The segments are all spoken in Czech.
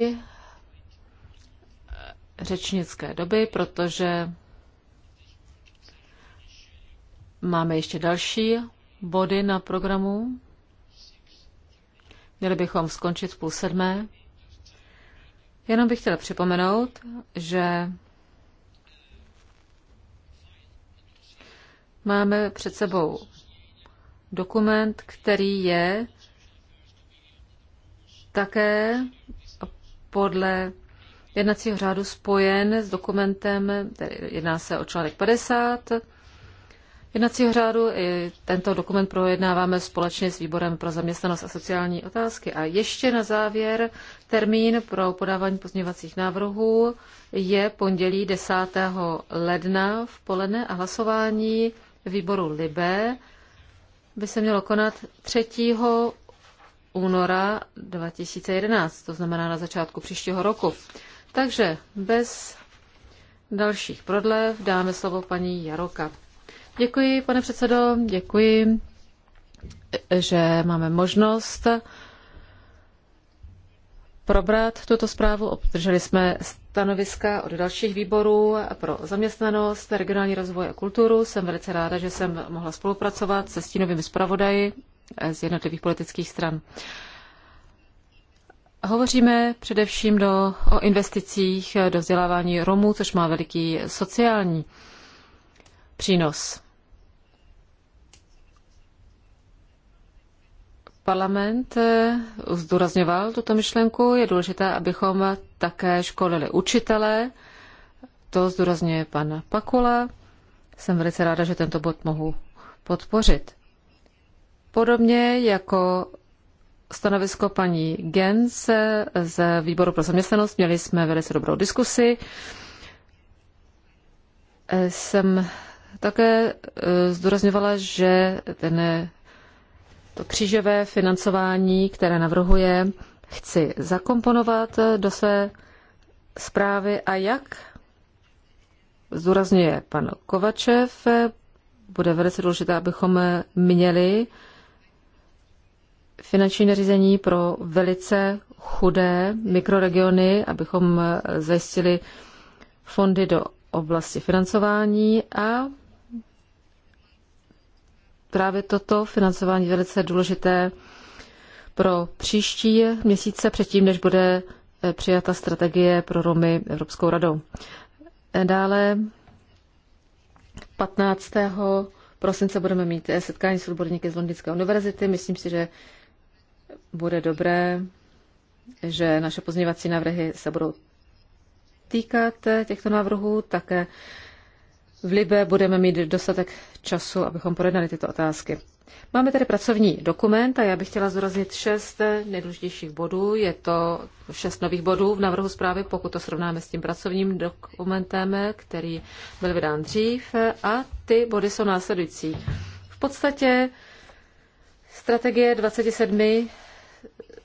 E, řečnické doby, protože máme ještě další body na programu. Měli bychom skončit v půl sedmé. Jenom bych chtěla připomenout, že máme před sebou dokument, který je také podle jednacího řádu spojen s dokumentem, jedná se o článek 50 jednacího řádu. I tento dokument projednáváme společně s Výborem pro zaměstnanost a sociální otázky. A ještě na závěr termín pro podávání pozměňovacích návrhů je pondělí 10. ledna v poledne a hlasování výboru LIBE by se mělo konat 3 února 2011, to znamená na začátku příštího roku. Takže bez dalších prodlev dáme slovo paní Jaroka. Děkuji, pane předsedo, děkuji, že máme možnost probrat tuto zprávu. Obdrželi jsme stanoviska od dalších výborů pro zaměstnanost, regionální rozvoj a kulturu. Jsem velice ráda, že jsem mohla spolupracovat se stínovými zpravodaji z jednotlivých politických stran. Hovoříme především do, o investicích do vzdělávání Romů, což má veliký sociální přínos. Parlament eh, zdůrazňoval tuto myšlenku. Je důležité, abychom také školili učitele. To zdůrazňuje pan Pakula. Jsem velice ráda, že tento bod mohu podpořit. Podobně jako stanovisko paní Gens z výboru pro zaměstnanost, měli jsme velice dobrou diskusi. Jsem také eh, zdůrazňovala, že ten, eh, to křížové financování, které navrhuje, chci zakomponovat eh, do své zprávy a jak zdůrazňuje pan Kovačev, bude velice důležité, abychom měli finanční nařízení pro velice chudé mikroregiony, abychom eh, zajistili fondy do oblasti financování a právě toto financování je velice důležité pro příští měsíce, předtím, než bude eh, přijata strategie pro Romy Evropskou radou. Eh, dále 15. prosince budeme mít setkání s odborníky z Londýnské univerzity. Myslím si, že bude dobré, že naše pozměňovací návrhy se budou týkat těchto návrhů. Také v Libe budeme mít dostatek času, abychom projednali tyto otázky. Máme tady pracovní dokument a já bych chtěla zdůraznit šest nejdůležitějších bodů. Je to šest nových bodů v návrhu zprávy, pokud to srovnáme s tím pracovním dokumentem, který byl vydán dřív. A ty body jsou následující. V podstatě Strategie 27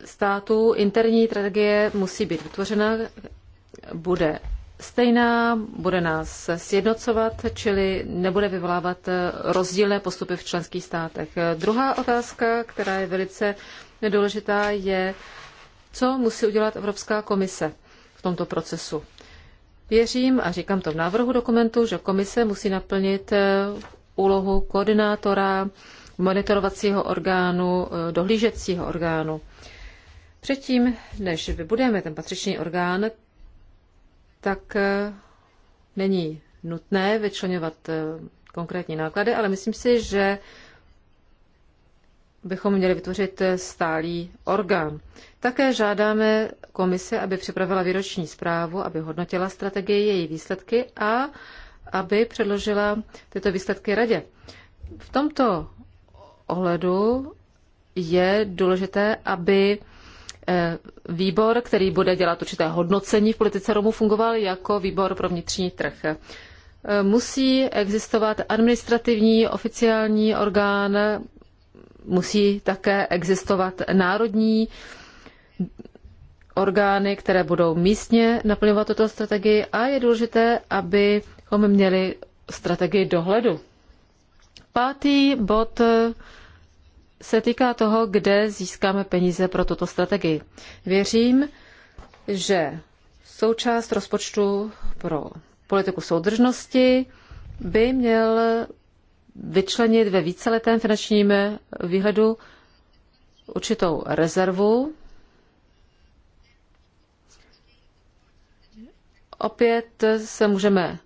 států, interní strategie musí být vytvořena, bude stejná, bude nás sjednocovat, čili nebude vyvolávat rozdílné postupy v členských státech. Druhá otázka, která je velice důležitá, je, co musí udělat Evropská komise v tomto procesu. Věřím, a říkám to v návrhu dokumentu, že komise musí naplnit úlohu koordinátora monitorovacího orgánu, e, dohlížecího orgánu. Předtím, než vybudujeme ten patřičný orgán, tak e, není nutné vyčlenovat e, konkrétní náklady, ale myslím si, že bychom měli vytvořit stálý orgán. Také žádáme komise, aby připravila výroční zprávu, aby hodnotila strategii, její výsledky a aby předložila tyto výsledky radě. V tomto ohledu je důležité, aby eh, výbor, který bude dělat určité hodnocení v politice Romů, fungoval jako výbor pro vnitřní trh. Eh, musí existovat administrativní oficiální orgán, musí také existovat národní orgány, které budou místně naplňovat tuto strategii a je důležité, abychom měli strategii dohledu. Pátý bod se týká toho, kde získáme peníze pro tuto strategii. Věřím, že součást rozpočtu pro politiku soudržnosti by měl vyčlenit ve víceletém finančním výhledu určitou rezervu. Opět se můžeme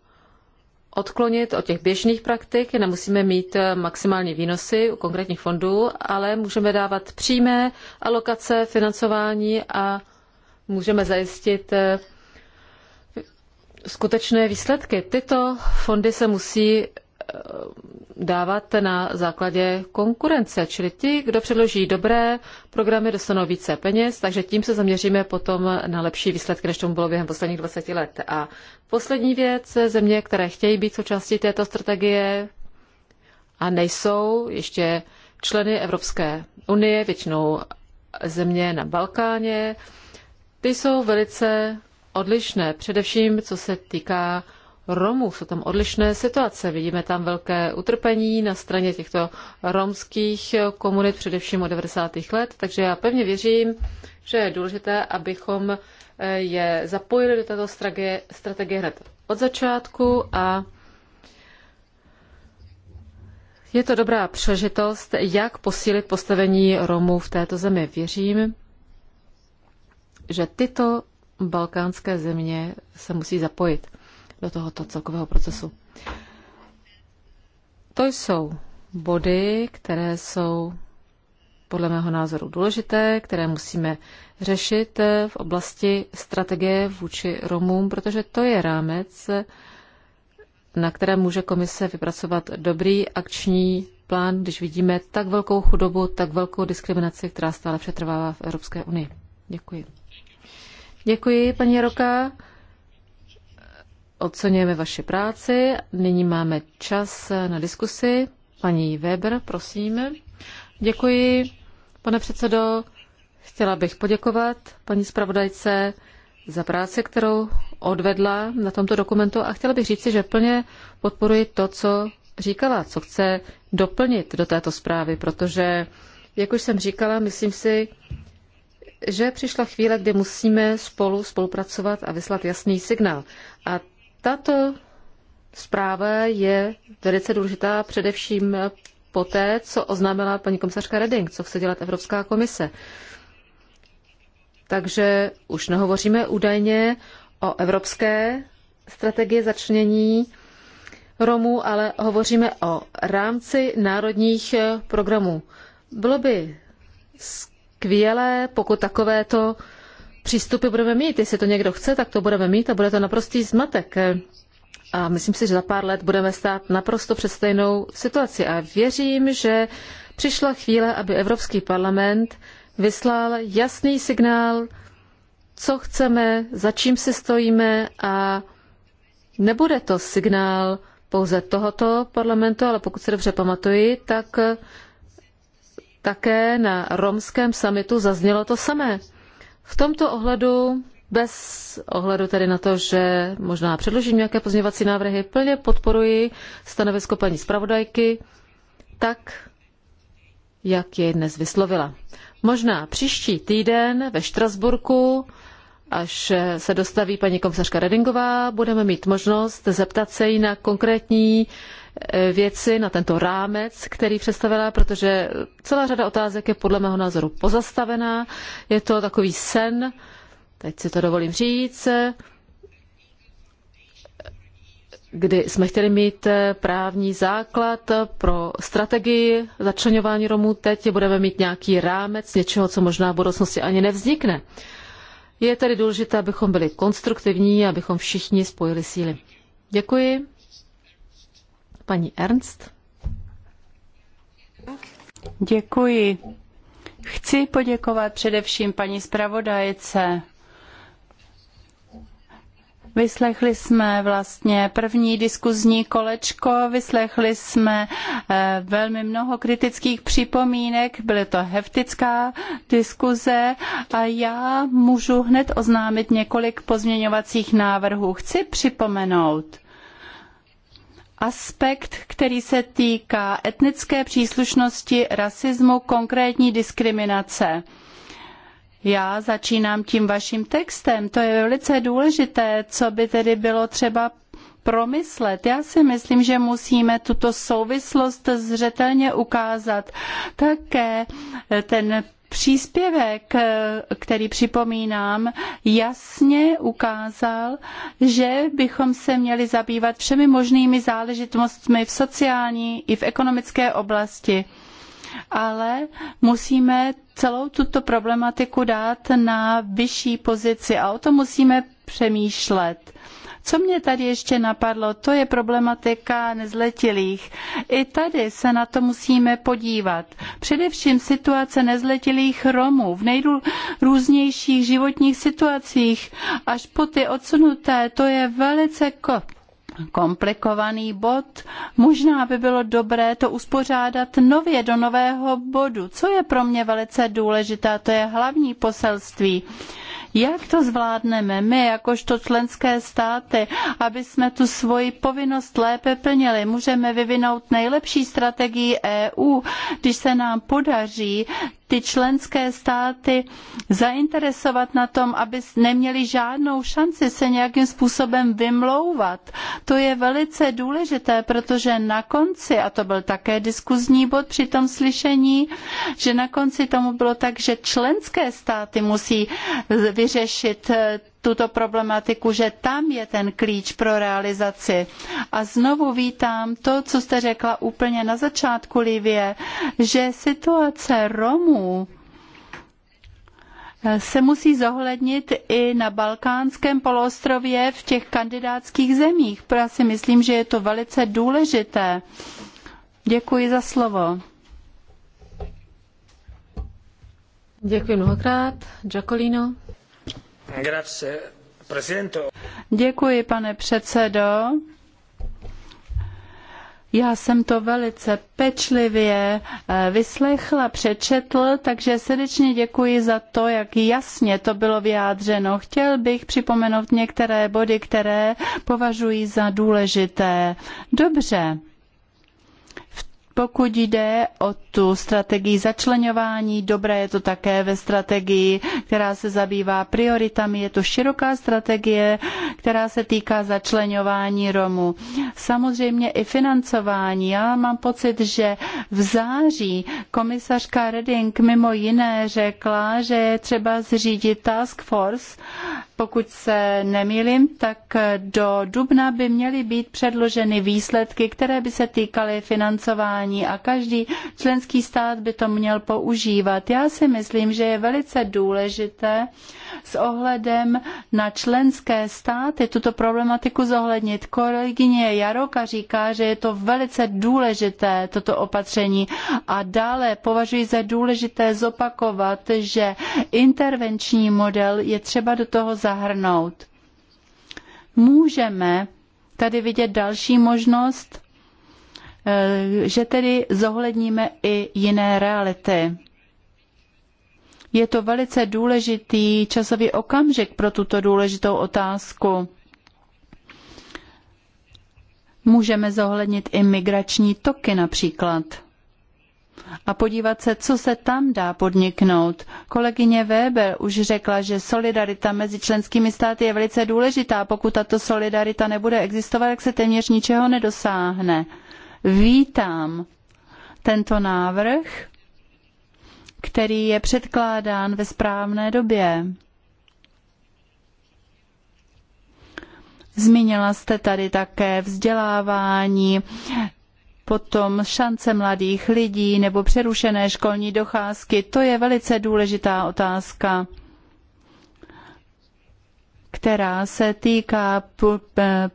odklonit od těch běžných praktik, nemusíme mít eh, maximální výnosy u konkrétních fondů, ale můžeme dávat přímé alokace, financování a můžeme zajistit eh, skutečné výsledky. Tyto fondy se musí Eh, dávat na základě konkurence. Čili ti, kdo předloží dobré programy, dostanou více peněz, takže tím se zaměříme potom na lepší výsledky, než tomu bylo během posledních 20 let. A poslední věc, země, které chtějí být součástí této strategie a nejsou ještě členy Evropské unie, většinou země na Balkáně, ty jsou velice odlišné, především co se týká Romů. Jsou tam odlišné situace. Vidíme tam velké utrpení na straně těchto romských komunit, především od 90. let. Takže já pevně věřím, že je důležité, abychom eh, je zapojili do této strategie, strategie hned od začátku a je to dobrá přežitost, jak posílit postavení Romů v této zemi. Věřím, že tyto balkánské země se musí zapojit do tohoto celkového procesu. To jsou body, které jsou podle mého názoru důležité, které musíme řešit v oblasti strategie vůči Romům, protože to je rámec, na kterém může komise vypracovat dobrý akční plán, když vidíme tak velkou chudobu, tak velkou diskriminaci, která stále přetrvává v Evropské unii. Děkuji. Děkuji, paní Roka. Oceňujeme vaši práci. Nyní máme čas na diskusi. Paní Weber, prosím. Děkuji, pane předsedo. Chtěla bych poděkovat paní zpravodajce za práci, kterou odvedla na tomto dokumentu a chtěla bych říci, že plně podporuji to, co říkala, co chce doplnit do této zprávy, protože, jak už jsem říkala, myslím si, že přišla chvíle, kdy musíme spolu spolupracovat a vyslat jasný signál. A tato zpráva je velice důležitá především poté, co oznámila paní komisařka Reding, co chce dělat Evropská komise. Takže už nehovoříme údajně o evropské strategii začlenění Romů, ale hovoříme o rámci národních programů. Bylo by skvělé, pokud takovéto přístupy budeme mít. Jestli to někdo chce, tak to budeme mít a bude to naprostý zmatek. A myslím si, že za pár let budeme stát naprosto před stejnou situaci. A věřím, že přišla chvíle, aby Evropský parlament vyslal jasný signál, co chceme, za čím si stojíme a nebude to signál pouze tohoto parlamentu, ale pokud se dobře pamatuji, tak také na romském samitu zaznělo to samé. V tomto ohledu, bez ohledu tedy na to, že možná předložím nějaké pozměňovací návrhy, plně podporuji stanovisko paní zpravodajky, tak jak je dnes vyslovila. Možná příští týden ve Štrasburku, až se dostaví paní komisařka Redingová, budeme mít možnost zeptat se jí na konkrétní Eh, věci, na tento rámec, který představila, protože celá řada otázek je podle mého názoru pozastavená. Je to takový sen, teď si to dovolím říct, kdy jsme chtěli mít eh, právní základ pro strategii začlenování Romů. Teď budeme mít nějaký rámec něčeho, co možná v budoucnosti ani nevznikne. Je tedy důležité, abychom byli konstruktivní, abychom všichni spojili síly. Děkuji. Paní Ernst. Děkuji. Chci poděkovat především paní zpravodajce. Vyslechli jsme vlastně první diskuzní kolečko, vyslechli jsme eh, velmi mnoho kritických připomínek, Byly to heftická diskuze a já můžu hned oznámit několik pozměňovacích návrhů. Chci připomenout, aspekt, který se týká etnické příslušnosti, rasismu, konkrétní diskriminace. Já začínám tím vaším textem. To je velice důležité, co by tedy bylo třeba promyslet. Já si myslím, že musíme tuto souvislost zřetelně ukázat. Také ten Příspěvek, eh, který připomínám, jasně ukázal, že bychom se měli zabývat všemi možnými záležitostmi v sociální i v ekonomické oblasti ale musíme celou tuto problematiku dát na vyšší pozici a o tom musíme přemýšlet. Co mě tady ještě napadlo, to je problematika nezletilých. I tady se na to musíme podívat. Především situace nezletilých Romů v nejrůznějších životních situacích až po ty odsunuté, to je velice komplikovaný bod. Možná by bylo dobré to uspořádat nově do nového bodu, co je pro mě velice důležité, to je hlavní poselství. Jak to zvládneme my, jakožto členské státy, aby jsme tu svoji povinnost lépe plnili? Můžeme vyvinout nejlepší strategii EU, když se nám podaří ty členské státy zainteresovat na tom, aby neměli žádnou šanci se nějakým způsobem vymlouvat. To je velice důležité, protože na konci, a to byl také diskuzní bod při tom slyšení, že na konci tomu bylo tak, že členské státy musí vyřešit eh, tuto problematiku, že tam je ten klíč pro realizaci. A znovu vítám to, co jste řekla úplně na začátku, Livie, že situace Romů se musí zohlednit i na balkánském poloostrově v těch kandidátských zemích. Já si myslím, že je to velice důležité. Děkuji za slovo. Děkuji mnohokrát. Jacolino. Děkuji, pane předsedo. Já jsem to velice pečlivě eh, vyslechla, přečetl, takže srdečně děkuji za to, jak jasně to bylo vyjádřeno. Chtěl bych připomenout některé body, které považuji za důležité. Dobře. Pokud jde o tu strategii začlenování, dobré je to také ve strategii, která se zabývá prioritami. Je to široká strategie, která se týká začlenování Romů. Samozřejmě i financování. Já mám pocit, že v září komisařka Reding mimo jiné řekla, že je třeba zřídit task force, pokud se nemýlím, tak do dubna by měly být předloženy výsledky, které by se týkaly financování a každý členský stát by to měl používat. Já si myslím, že je velice důležité s ohledem na členské státy tuto problematiku zohlednit. Kolegyně Jaroka říká, že je to velice důležité, toto opatření. A dále považuji za důležité zopakovat, že intervenční model je třeba do toho zahrnout. Můžeme tady vidět další možnost, eh, že tedy zohledníme i jiné reality. Je to velice důležitý časový okamžik pro tuto důležitou otázku. Můžeme zohlednit i migrační toky například a podívat se, co se tam dá podniknout. Kolegyně Weber už řekla, že solidarita mezi členskými státy je velice důležitá. Pokud tato solidarita nebude existovat, tak se téměř ničeho nedosáhne. Vítám tento návrh, který je předkládán ve správné době. Zmínila jste tady také vzdělávání, potom šance mladých lidí nebo přerušené školní docházky. To je velice důležitá otázka která se týká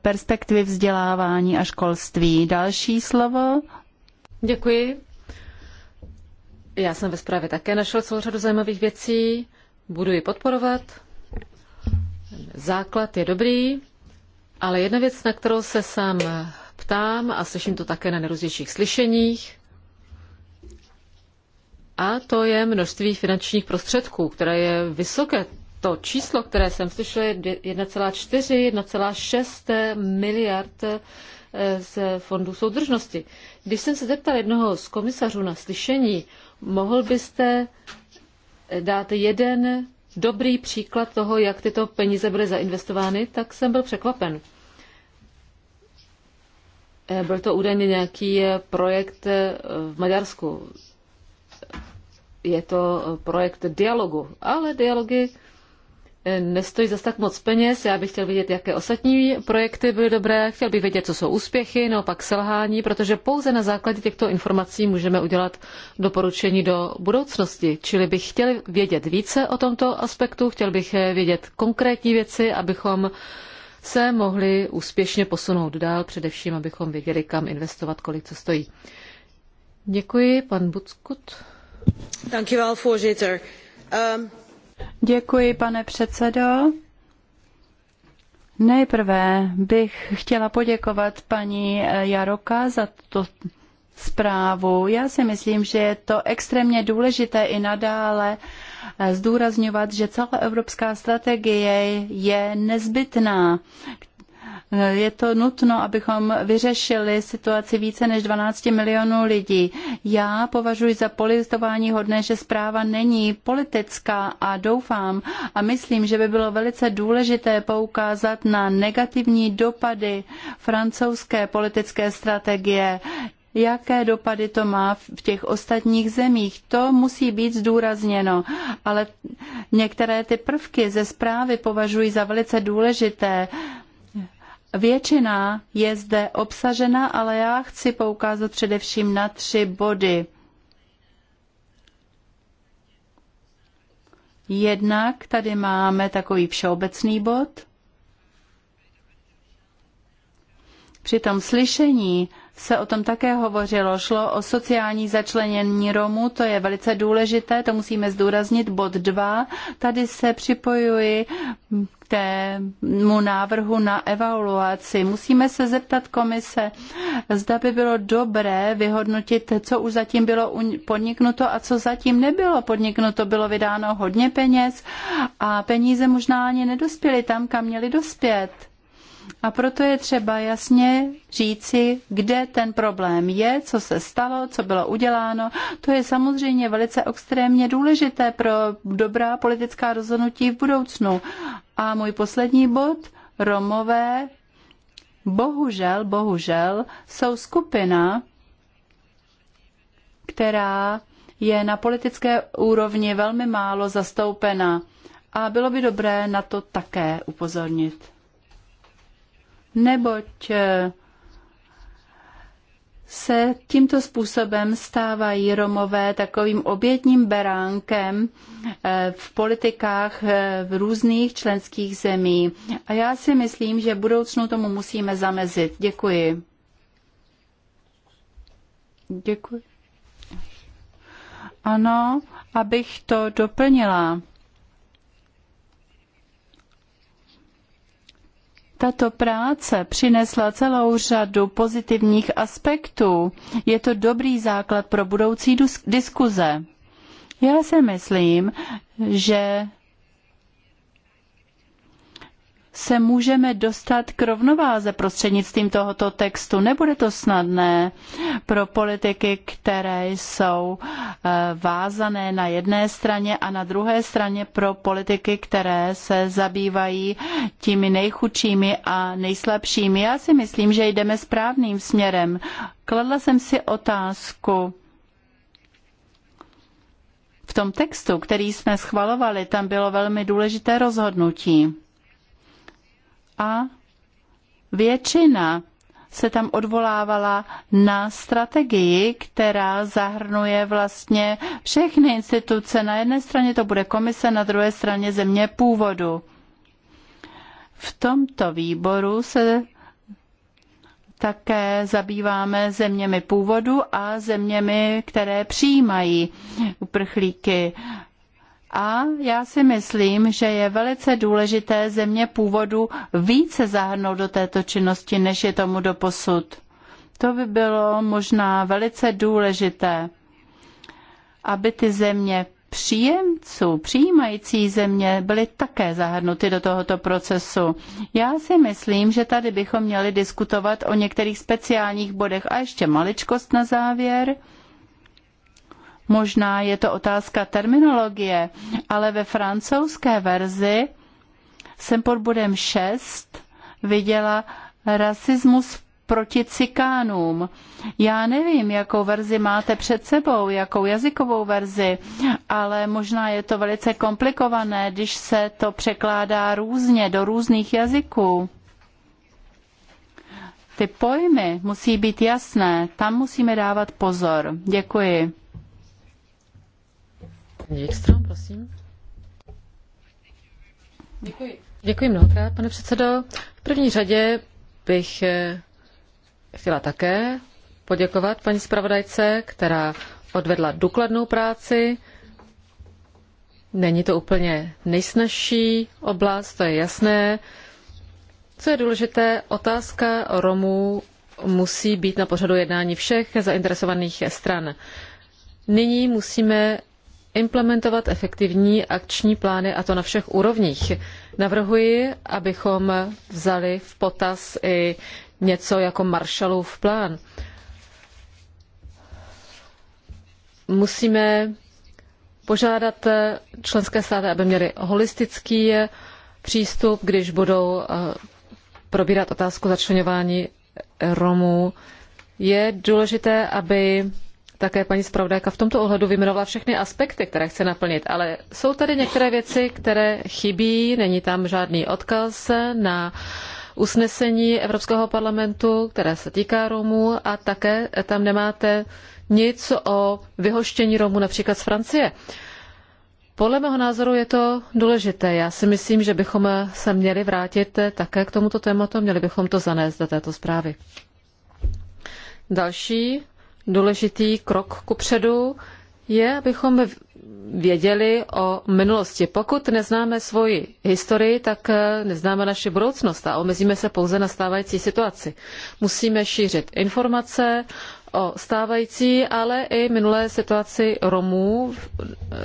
perspektivy vzdělávání a školství. Další slovo. Děkuji. Já jsem ve zprávě také našel celou řadu zajímavých věcí. Budu ji podporovat. Základ je dobrý, ale jedna věc, na kterou se sám ptám a slyším to také na nejrůznějších slyšeních. A to je množství finančních prostředků, které je vysoké. To číslo, které jsem slyšel, je 1,4, 1,6 miliard eh, z fondů soudržnosti. Když jsem se zeptal jednoho z komisařů na slyšení, mohl byste eh, dát jeden dobrý příklad toho, jak tyto peníze byly zainvestovány, tak jsem byl překvapen. Eh, byl to údajně nějaký eh, projekt eh, v Maďarsku. Je to projekt dialogu, ale dialogy nestojí zase tak moc peněz. Já bych chtěl vidět, jaké ostatní projekty byly dobré, chtěl bych vědět, co jsou úspěchy, no pak selhání, protože pouze na základě těchto informací můžeme udělat doporučení do budoucnosti. Čili bych chtěl vědět více o tomto aspektu, chtěl bych vědět konkrétní věci, abychom se mohli úspěšně posunout dál, především abychom věděli, kam investovat, kolik co stojí. Děkuji, pan Buckut. Um, Děkuji, pane předsedo. Nejprve bych chtěla poděkovat paní Jaroka za to zprávu. Já si myslím, že je to extrémně důležité i nadále, zdůrazňovat, že celá evropská strategie je nezbytná. Je to nutno, abychom vyřešili situaci více než 12 milionů lidí. Já považuji za politování hodné, že zpráva není politická a doufám a myslím, že by bylo velice důležité poukázat na negativní dopady francouzské politické strategie jaké dopady to má v těch ostatních zemích. To musí být zdůrazněno, ale některé ty prvky ze zprávy považuji za velice důležité. Většina je zde obsažena, ale já chci poukázat především na tři body. Jednak tady máme takový všeobecný bod. Při tom slyšení se o tom také hovořilo. Šlo o sociální začlenění Romů, to je velice důležité, to musíme zdůraznit. Bod 2, tady se připojuji k tému návrhu na evaluaci. Musíme se zeptat komise, zda by bylo dobré vyhodnotit, co už zatím bylo podniknuto a co zatím nebylo podniknuto. Bylo vydáno hodně peněz a peníze možná ani nedospěly tam, kam měly dospět. A proto je třeba jasně říci, kde ten problém je, co se stalo, co bylo uděláno. To je samozřejmě velice extrémně důležité pro dobrá politická rozhodnutí v budoucnu. A můj poslední bod, Romové, bohužel, bohužel, jsou skupina, která je na politické úrovni velmi málo zastoupena. A bylo by dobré na to také upozornit neboť eh, se tímto způsobem stávají Romové takovým obětním beránkem eh, v politikách eh, v různých členských zemí. A já si myslím, že v budoucnu tomu musíme zamezit. Děkuji. Děkuji. Ano, abych to doplnila. Tato práce přinesla celou řadu pozitivních aspektů. Je to dobrý základ pro budoucí diskuze. Já si myslím, že se můžeme dostat k rovnováze prostřednictvím tohoto textu. Nebude to snadné pro politiky, které jsou eh, vázané na jedné straně a na druhé straně pro politiky, které se zabývají těmi nejchudšími a nejslabšími. Já si myslím, že jdeme správným směrem. Kladla jsem si otázku, v tom textu, který jsme schvalovali, tam bylo velmi důležité rozhodnutí a většina se tam odvolávala na strategii, která zahrnuje vlastně všechny instituce. Na jedné straně to bude komise, na druhé straně země původu. V tomto výboru se také zabýváme zeměmi původu a zeměmi, které přijímají uprchlíky. A já si myslím, že je velice důležité země původu více zahrnout do této činnosti, než je tomu doposud. To by bylo možná velice důležité, aby ty země příjemců, přijímající země byly také zahrnuty do tohoto procesu. Já si myslím, že tady bychom měli diskutovat o některých speciálních bodech. A ještě maličkost na závěr. Možná je to otázka terminologie, ale ve francouzské verzi jsem pod bodem 6 viděla rasismus proti cikánům. Já nevím, jakou verzi máte před sebou, jakou jazykovou verzi, ale možná je to velice komplikované, když se to překládá různě do různých jazyků. Ty pojmy musí být jasné, tam musíme dávat pozor. Děkuji. Paní Wikström, prosím. Děkuji. Děkuji mnohokrát, pane předsedo. V první řadě bych eh, chtěla také poděkovat paní zpravodajce, která odvedla důkladnou práci. Není to úplně nejsnažší oblast, to je jasné. Co je důležité, otázka Romů musí být na pořadu jednání všech zainteresovaných stran. Nyní musíme implementovat efektivní akční plány a to na všech úrovních. Navrhuji, abychom vzali v potaz i něco jako Marshallův plán. Musíme požádat členské státy, aby měly holistický přístup, když budou eh, probírat otázku začlenování Romů. Je důležité, aby také paní zpravodajka v tomto ohledu vyjmenovala všechny aspekty, které chce naplnit, ale jsou tady některé věci, které chybí, není tam žádný odkaz na usnesení Evropského parlamentu, které se týká Romů a také tam nemáte nic o vyhoštění Romů například z Francie. Podle mého názoru je to důležité. Já si myslím, že bychom se měli vrátit také k tomuto tématu, měli bychom to zanést do této zprávy. Další důležitý krok kupředu je, abychom věděli o minulosti. Pokud neznáme svoji historii, tak eh, neznáme naši budoucnost a omezíme se pouze na stávající situaci. Musíme šířit informace o stávající, ale i minulé situaci Romů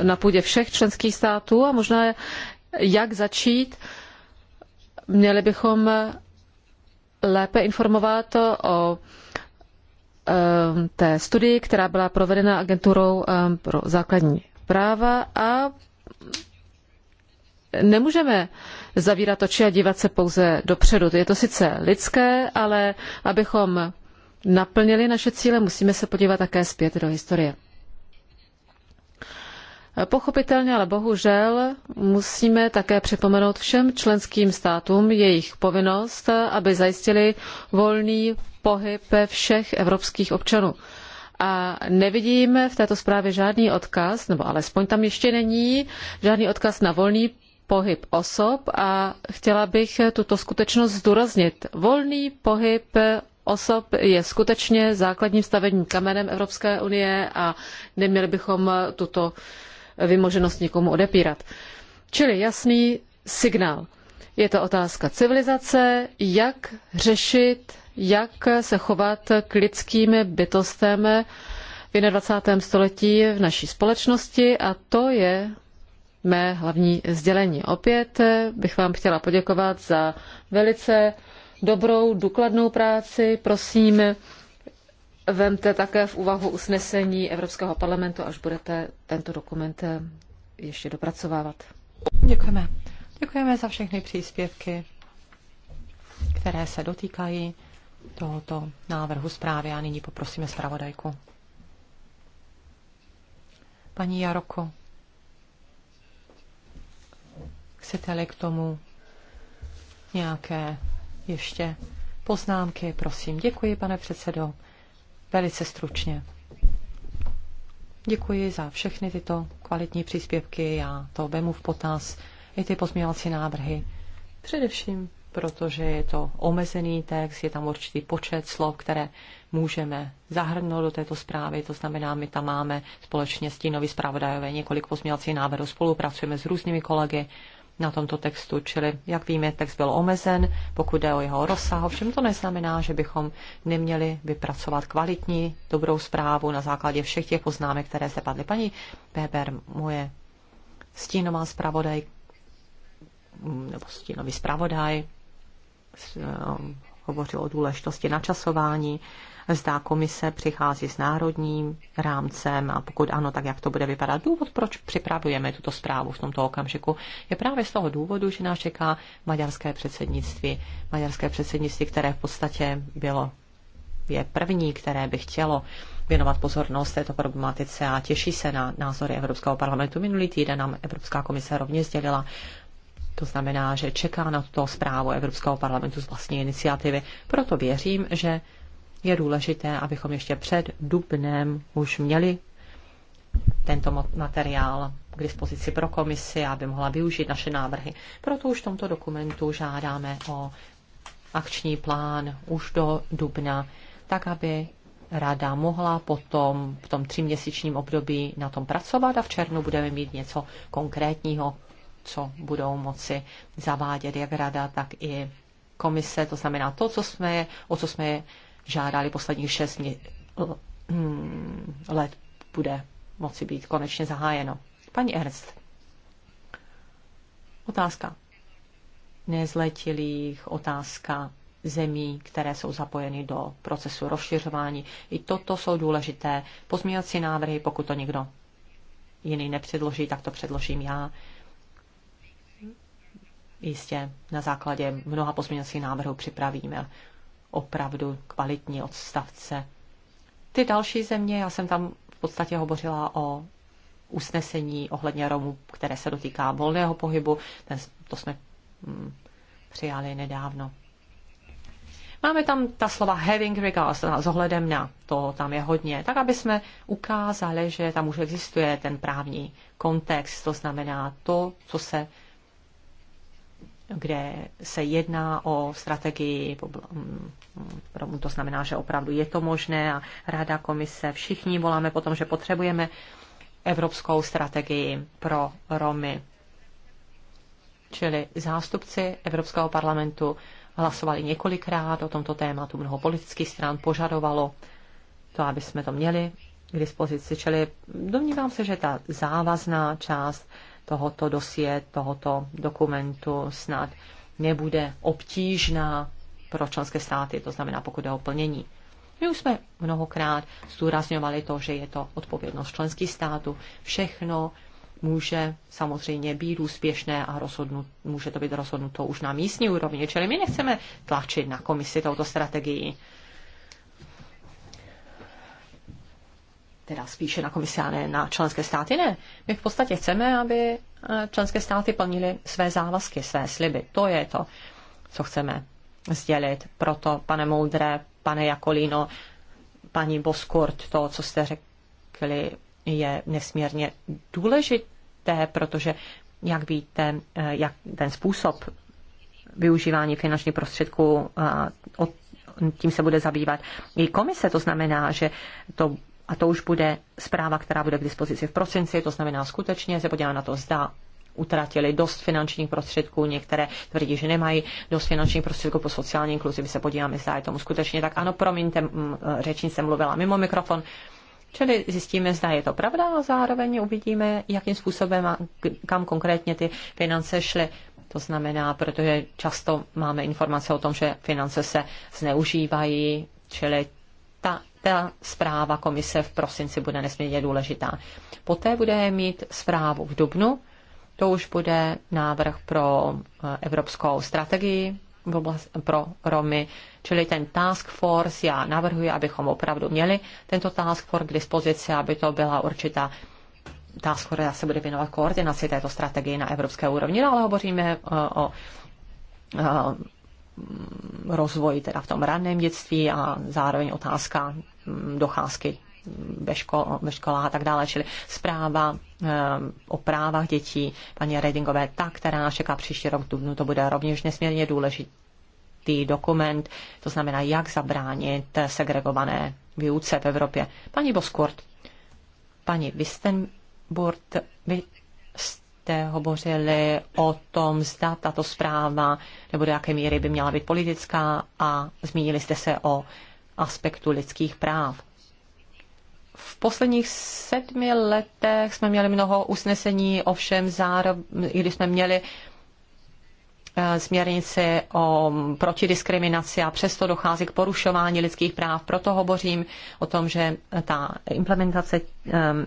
na půdě všech členských států a možná jak začít. Měli bychom eh, lépe informovat o Um, té studii, která byla provedena agenturou um, pro základní práva a nemůžeme zavírat oči a dívat se pouze dopředu. Je to sice lidské, ale abychom naplnili naše cíle, musíme se podívat také zpět do historie. Pochopitelně, ale bohužel musíme také připomenout všem členským státům jejich povinnost, aby zajistili volný pohyb všech evropských občanů. A nevidím v této zprávě žádný odkaz, nebo alespoň tam ještě není, žádný odkaz na volný pohyb osob a chtěla bych tuto skutečnost zdůraznit. Volný pohyb osob je skutečně základním stavebním kamenem Evropské unie a neměli bychom tuto vymoženost nikomu odepírat. Čili jasný signál. Je to otázka civilizace, jak řešit jak se chovat k lidským bytostem v 21. století v naší společnosti a to je mé hlavní sdělení. Opět bych vám chtěla poděkovat za velice dobrou, důkladnou práci. Prosím, vemte také v úvahu usnesení Evropského parlamentu, až budete tento dokument ještě dopracovávat. Děkujeme. Děkujeme za všechny příspěvky, které se dotýkají tohoto návrhu zprávy a nyní poprosíme zpravodajku. Paní Jaroko, chcete-li k tomu nějaké ještě poznámky, prosím. Děkuji, pane předsedo. Velice stručně. Děkuji za všechny tyto kvalitní příspěvky. Já to vemu v potaz i ty pozměňovací návrhy. Především protože je to omezený text, je tam určitý počet slov, které můžeme zahrnout do této zprávy. To znamená, my tam máme společně s tím zpravodajové několik pozměňovacích návrhů, spolupracujeme s různými kolegy na tomto textu, čili, jak víme, text byl omezen, pokud jde o jeho rozsah. Ovšem to neznamená, že bychom neměli vypracovat kvalitní, dobrou zprávu na základě všech těch poznámek, které se padly. Paní Weber, moje stínová zpravodaj, nebo stínový zpravodaj, Eh, hovořil o důležitosti načasování, zda komise přichází s národním rámcem a pokud ano, tak jak to bude vypadat. Důvod, proč připravujeme tuto zprávu v tomto okamžiku, je právě z toho důvodu, že nás čeká maďarské předsednictví. Maďarské předsednictví, které v podstatě bylo je první, které by chtělo věnovat pozornost této problematice a těší se na názory Evropského parlamentu. Minulý týden nám Evropská komise rovně sdělila, to znamená, že čeká na tuto zprávu Evropského parlamentu z vlastní iniciativy. Proto věřím, že je důležité, abychom ještě před dubnem už měli tento materiál k dispozici pro komisi, aby mohla využít naše návrhy. Proto už v tomto dokumentu žádáme o akční plán už do dubna, tak aby rada mohla potom v tom tříměsíčním období na tom pracovat a v červnu budeme mít něco konkrétního co budou moci zavádět jak rada, tak i komise. To znamená to, co jsme, o co jsme žádali posledních šest hm, let, bude moci být konečně zahájeno. Paní Ernst, otázka nezletilých, otázka zemí, které jsou zapojeny do procesu rozšiřování. I toto jsou důležité pozměňovací návrhy, pokud to někdo jiný nepředloží, tak to předložím já jistě na základě mnoha pozměňovacích návrhů připravíme opravdu kvalitní odstavce. Ty další země, já jsem tam v podstatě hovořila o usnesení ohledně Romů, které se dotýká volného pohybu, ten, to jsme mm, přijali nedávno. Máme tam ta slova having regards, s ohledem na to tam je hodně, tak aby jsme ukázali, že tam už existuje ten právní kontext, to znamená to, co se kde se jedná o strategii, to znamená, že opravdu je to možné a Rada, Komise, všichni voláme potom, že potřebujeme evropskou strategii pro Romy. Čili zástupci Evropského parlamentu hlasovali několikrát o tomto tématu, mnoho politických stran požadovalo to, aby jsme to měli k dispozici. Čili domnívám se, že ta závazná část tohoto dosie, tohoto dokumentu snad nebude obtížná pro členské státy, to znamená pokud je o plnění. My už jsme mnohokrát zdůrazňovali to, že je to odpovědnost členských států. Všechno může samozřejmě být úspěšné a rozhodnut, může to být rozhodnuto už na místní úrovni. Čili my nechceme tlačit na komisi touto strategii. teda spíše na komisi a ne na členské státy, ne. My v podstatě chceme, aby eh, členské státy plnily své závazky, své sliby. To je to, co chceme sdělit. Proto, pane Moudré, pane Jakolino, paní Boskurt, to, co jste řekli, je nesmírně důležité, protože, jak víte, eh, jak ten způsob využívání finančních prostředků, eh, tím se bude zabývat i komise. To znamená, že to a to už bude zpráva, která bude k dispozici v prosinci, to znamená skutečně se podívá na to, zda utratili dost finančních prostředků, některé tvrdí, že nemají dost finančních prostředků po sociální inkluzi, my se podíváme, zda je tomu skutečně tak. Ano, promiňte, řečnice mluvila mimo mikrofon. Čili zjistíme, zda je to pravda a zároveň uvidíme, jakým způsobem a kam konkrétně ty finance šly. To znamená, protože často máme informace o tom, že finance se zneužívají, čili ta zpráva komise v prosinci bude nesmírně důležitá. Poté bude mít zprávu v dubnu, to už bude návrh pro eh, evropskou strategii pro Romy, čili ten task force, já navrhuji, abychom opravdu měli tento task force k dispozici, aby to byla určitá task force, která se bude věnovat koordinaci této strategii na evropské úrovni, no, ale hovoříme eh, o eh, rozvoji teda v tom raném dětství a zároveň otázka mm, docházky ve, škol, ve školách a tak dále, čili zpráva eh, o právách dětí paní Redingové, ta, která nás čeká příští rok Dubnu, to bude rovněž nesmírně důležitý dokument, to znamená, jak zabránit segregované výuce v Evropě. Paní Boskurt, paní Wistenburt, vy jste hovořili o tom, zda tato zpráva nebo do jaké míry by měla být politická a zmínili jste se o aspektu lidských práv. V posledních sedmi letech jsme měli mnoho usnesení, ovšem zároveň, i když jsme měli eh, směrnici o protidiskriminaci a přesto dochází k porušování lidských práv. Proto hovořím o tom, že ta implementace ehm,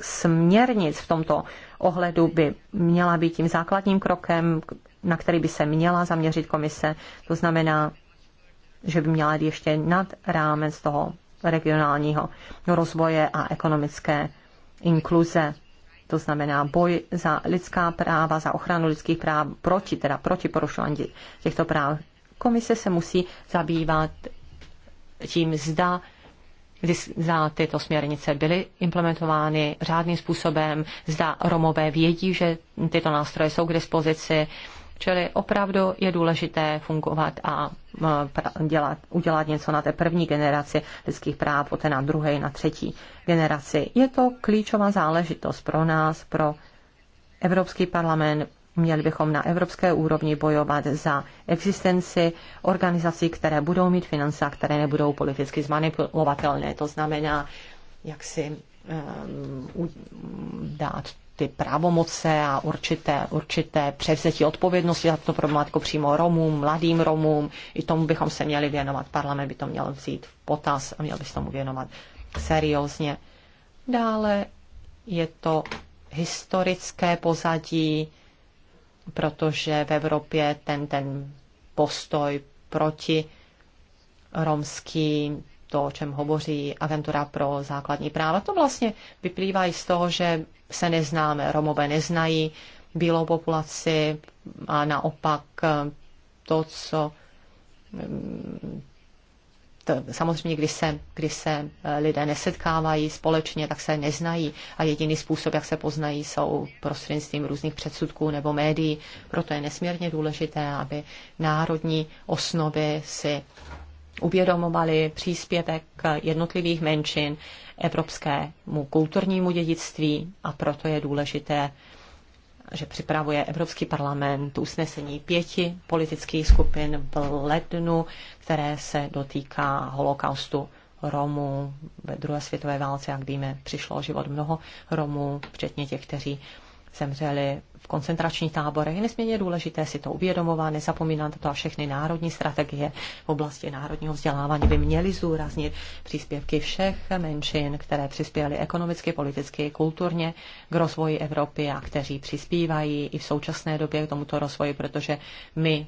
směrnic v tomto ohledu by měla být tím základním krokem, na který by se měla zaměřit komise. To znamená, že by měla jít ještě nad rámec toho regionálního rozvoje a ekonomické inkluze. To znamená boj za lidská práva, za ochranu lidských práv, proti, teda proti porušování těchto práv. Komise se musí zabývat tím, zda za tyto směrnice byly implementovány řádným způsobem, zda Romové vědí, že tyto nástroje jsou k dispozici, Čili opravdu je důležité fungovat a dělat, udělat něco na té první generaci lidských práv, poté na druhé, na třetí generaci. Je to klíčová záležitost pro nás, pro Evropský parlament, Měli bychom na evropské úrovni bojovat za existenci organizací, které budou mít finance a které nebudou politicky zmanipulovatelné. To znamená, jak si um, dát ty právomoce a určité, určité převzetí odpovědnosti za tuto problematiku přímo Romům, mladým Romům. I tomu bychom se měli věnovat. Parlament by to měl vzít v potaz a měl by se tomu věnovat seriózně. Dále je to historické pozadí protože v Evropě ten, ten postoj proti romským, to, o čem hovoří agentura pro základní práva, to vlastně vyplývá i z toho, že se neznáme, Romové neznají bílou populaci a naopak to, co to, samozřejmě, když se, když se eh, lidé nesetkávají společně, tak se neznají a jediný způsob, jak se poznají, jsou prostřednictvím různých předsudků nebo médií. Proto je nesmírně důležité, aby národní osnovy si uvědomovali příspěvek jednotlivých menšin evropskému kulturnímu dědictví a proto je důležité že připravuje Evropský parlament usnesení pěti politických skupin v lednu, které se dotýká holokaustu Romů ve druhé světové válce, jak víme, přišlo o život mnoho Romů, včetně těch, kteří zemřeli v koncentračních táborech. Je nesmírně důležité si to uvědomovat, nezapomínat to a všechny národní strategie v oblasti národního vzdělávání by měly zúraznit příspěvky všech menšin, které přispěly ekonomicky, politicky, kulturně k rozvoji Evropy a kteří přispívají i v současné době k tomuto rozvoji, protože my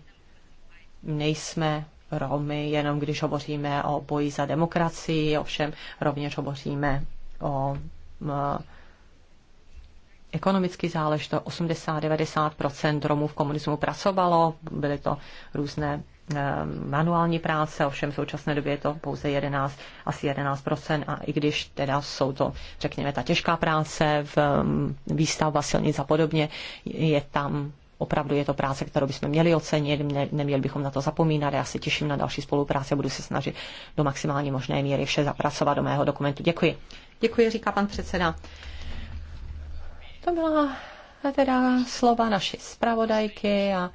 nejsme Romy, jenom když hovoříme o boji za demokracii, ovšem rovněž hovoříme o ekonomicky záležitost. 80-90 Romů v komunismu pracovalo, byly to různé ehm, manuální práce, ovšem v současné době je to pouze 11, asi 11 a i když teda jsou to, řekněme, ta těžká práce, v ehm, výstavba silnic a podobně, je tam opravdu je to práce, kterou bychom měli ocenit, ne, neměli bychom na to zapomínat. Já se těším na další spolupráci a budu se snažit do maximální možné míry vše zapracovat do mého dokumentu. Děkuji. Děkuji, říká pan předseda. To byla teda slova naší zpravodajky a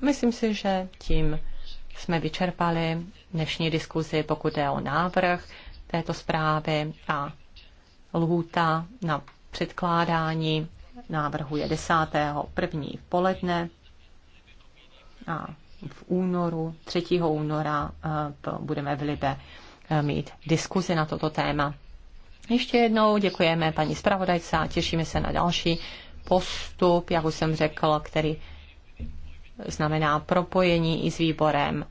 myslím si, že tím jsme vyčerpali dnešní diskuzi, pokud je o návrh této zprávy a lhůta na předkládání návrhu je 10. první v poledne a v únoru, 3. února eh, budeme v Libe eh, mít diskuzi na toto téma. Ještě jednou děkujeme paní zpravodajce a těšíme se na další postup, jak už jsem řekl, který znamená propojení i s výborem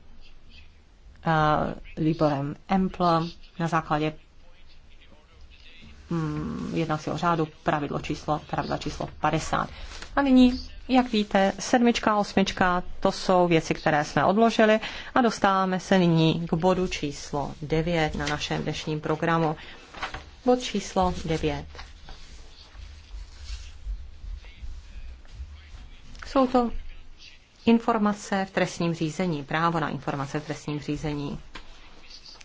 uh, výborem EMPL na základě um, jednacího řádu pravidlo číslo, pravidla číslo 50. A nyní, jak víte, sedmička, osmička, to jsou věci, které jsme odložili a dostáváme se nyní k bodu číslo 9 na našem dnešním programu. Bod číslo 9. Jsou to informace v trestním řízení, právo na informace v trestním řízení.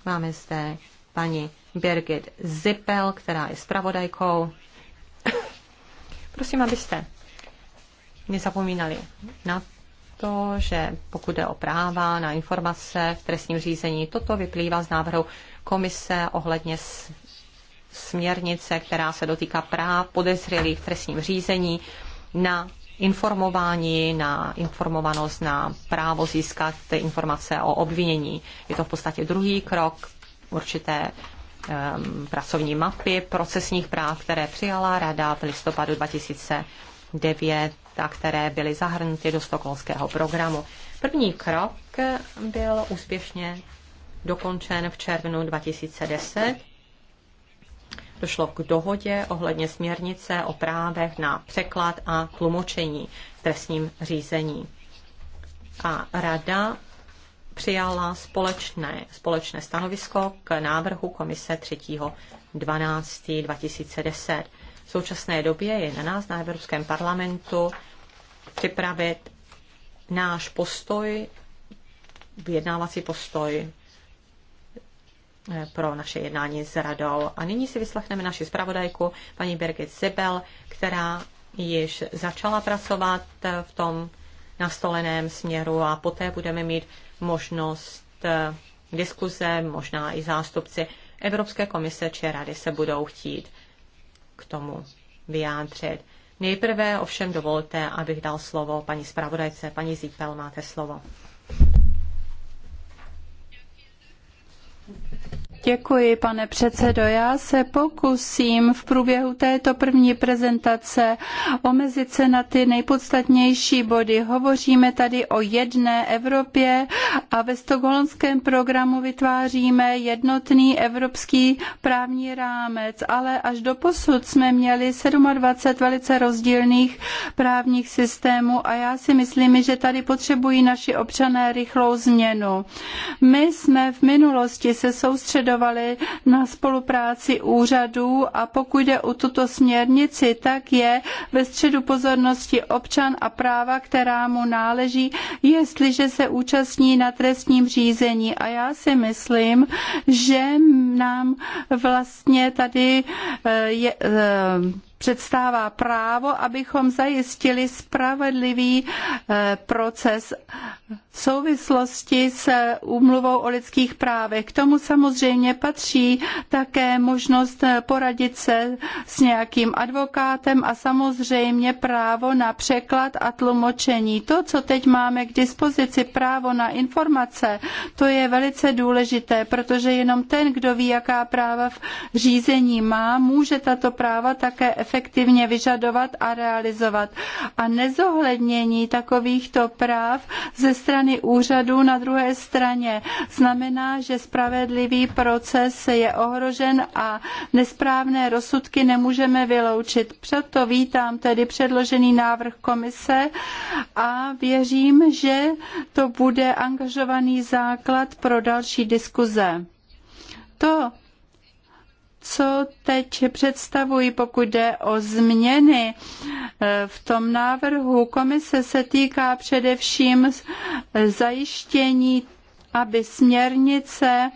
Máme zde paní Birgit Zippel, která je zpravodajkou. Prosím, abyste nezapomínali na to, že pokud jde o práva na informace v trestním řízení, toto vyplývá z návrhu komise ohledně směrnice, která se dotýká práv podezřelých v trestním řízení na informování, na informovanost, na právo získat informace o obvinění. Je to v podstatě druhý krok určité um, pracovní mapy procesních práv, které přijala Rada v listopadu 2009 a které byly zahrnuty do stokholmského programu. První krok byl úspěšně dokončen v červnu 2010 došlo k dohodě ohledně směrnice o právech na překlad a tlumočení v trestním řízení. A rada přijala společné, společné stanovisko k návrhu komise 3.12.2010. V současné době je na nás na Evropském parlamentu připravit náš postoj, vyjednávací postoj pro naše jednání s radou. A nyní si vyslechneme naši zpravodajku, paní Birgit Sibel, která již začala pracovat v tom nastoleném směru a poté budeme mít možnost eh, diskuze, možná i zástupci Evropské komise či rady se budou chtít k tomu vyjádřit. Nejprve ovšem dovolte, abych dal slovo paní zpravodajce. Paní Zípel, máte slovo. Děkuji, pane předsedo. Já se pokusím v průběhu této první prezentace omezit se na ty nejpodstatnější body. Hovoříme tady o jedné Evropě a ve stokholmském programu vytváříme jednotný evropský právní rámec, ale až do posud jsme měli 27 velice rozdílných právních systémů a já si myslím, že tady potřebují naši občané rychlou změnu. My jsme v minulosti se soustředovali požadovali na spolupráci úřadů a pokud jde o tuto směrnici, tak je ve středu pozornosti občan a práva, která mu náleží, jestliže se účastní na trestním řízení. A já si myslím, že nám vlastně tady eh, je, eh, předstává právo, abychom zajistili spravedlivý eh, proces v souvislosti s úmluvou o lidských právech. K tomu samozřejmě patří také možnost poradit se s nějakým advokátem a samozřejmě právo na překlad a tlumočení. To, co teď máme k dispozici, právo na informace, to je velice důležité, protože jenom ten, kdo ví, jaká práva v řízení má, může tato práva také efektivně vyžadovat a realizovat. A nezohlednění takovýchto práv ze strany strany úřadu, na druhé straně znamená, že spravedlivý proces je ohrožen a nesprávné rozsudky nemůžeme vyloučit. Proto vítám tedy předložený návrh komise a věřím, že to bude angažovaný základ pro další diskuze. To, co teď představuji, pokud jde o změny eh, v tom návrhu. Komise se týká především zajištění aby směrnice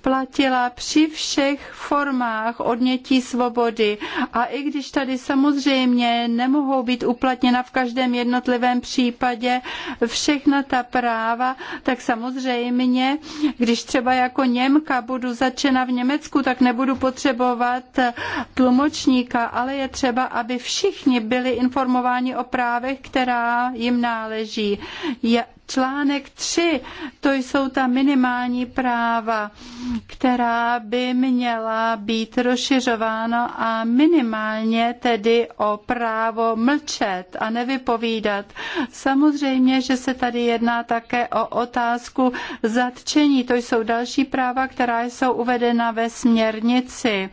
platila při všech formách odnětí svobody. A i když tady samozřejmě nemohou být uplatněna v každém jednotlivém případě všechna ta práva, tak samozřejmě, když třeba jako Němka budu začena v Německu, tak nebudu potřebovat tlumočníka, ale je třeba, aby všichni byli informováni o právech, která jim náleží. Je Článek 3, to jsou ta minimální práva, která by měla být rozšiřována a minimálně tedy o právo mlčet a nevypovídat. Samozřejmě, že se tady jedná také o otázku zatčení. To jsou další práva, která jsou uvedena ve směrnici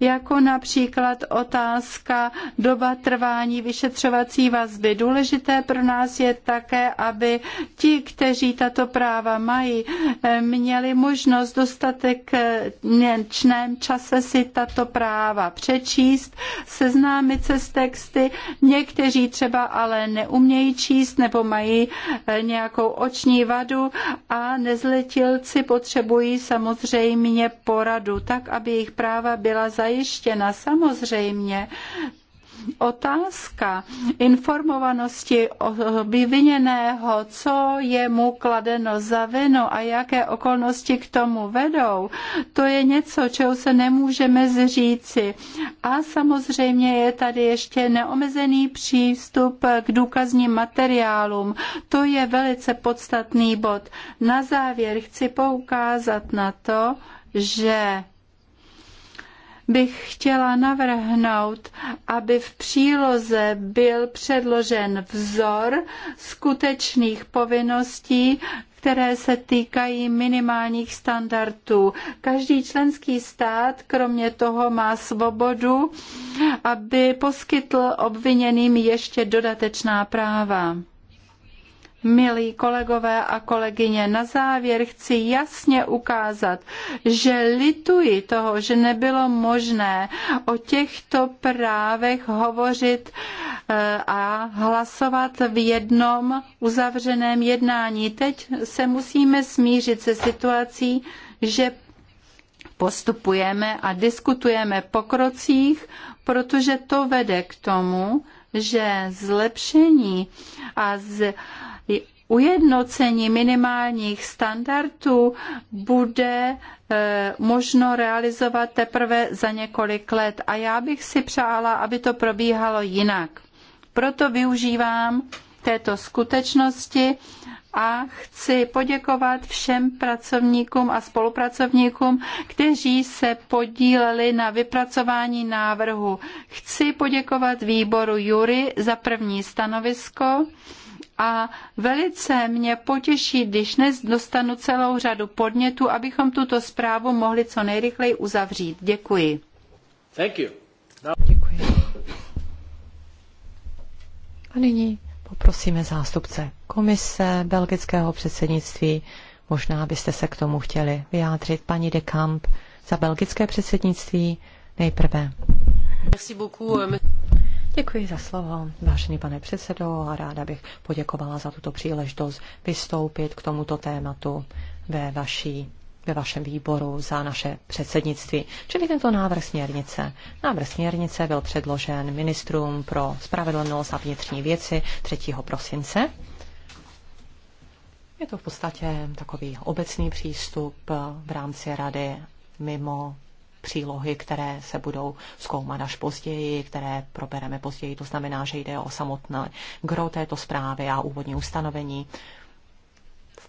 jako například otázka doba trvání vyšetřovací vazby. Důležité pro nás je také, aby ti, kteří tato práva mají, eh, měli možnost dostatek eh, něčném čase si tato práva přečíst, seznámit se s texty. Někteří třeba ale neumějí číst nebo mají eh, nějakou oční vadu a nezletilci potřebují samozřejmě poradu, tak aby jejich práva byla zajištěna. Samozřejmě otázka informovanosti obviněného, co je mu kladeno za vinu a jaké okolnosti k tomu vedou, to je něco, čeho se nemůžeme zříci. A samozřejmě je tady ještě neomezený přístup k důkazním materiálům. To je velice podstatný bod. Na závěr chci poukázat na to, že bych chtěla navrhnout, aby v příloze byl předložen vzor skutečných povinností, které se týkají minimálních standardů. Každý členský stát kromě toho má svobodu, aby poskytl obviněným ještě dodatečná práva. Milí kolegové a kolegyně, na závěr chci jasně ukázat, že lituji toho, že nebylo možné o těchto právech hovořit eh, a hlasovat v jednom uzavřeném jednání. Teď se musíme smířit se situací, že postupujeme a diskutujeme po krocích, protože to vede k tomu, že zlepšení a z ujednocení minimálních standardů bude eh, možno realizovat teprve za několik let a já bych si přála, aby to probíhalo jinak. Proto využívám této skutečnosti a chci poděkovat všem pracovníkům a spolupracovníkům, kteří se podíleli na vypracování návrhu. Chci poděkovat výboru Jury za první stanovisko a velice mě potěší, když dnes dostanu celou řadu podnětů, abychom tuto zprávu mohli co nejrychleji uzavřít. Děkuji. Thank you. No. Děkuji. A nyní poprosíme zástupce komise belgického předsednictví. Možná byste se k tomu chtěli vyjádřit, paní de Kamp, za belgické předsednictví nejprve. Euh, Děkuji za slovo, vážený pane předsedo, a ráda bych poděkovala za tuto příležitost vystoupit k tomuto tématu ve vaší ve vašem výboru za naše předsednictví, čili tento návrh směrnice. Návrh směrnice byl předložen ministrům pro spravedlnost a vnitřní věci 3. prosince. Je to v podstatě takový obecný přístup v rámci rady mimo přílohy, které se budou zkoumat až později, které probereme později. To znamená, že jde o samotné gro této zprávy a úvodní ustanovení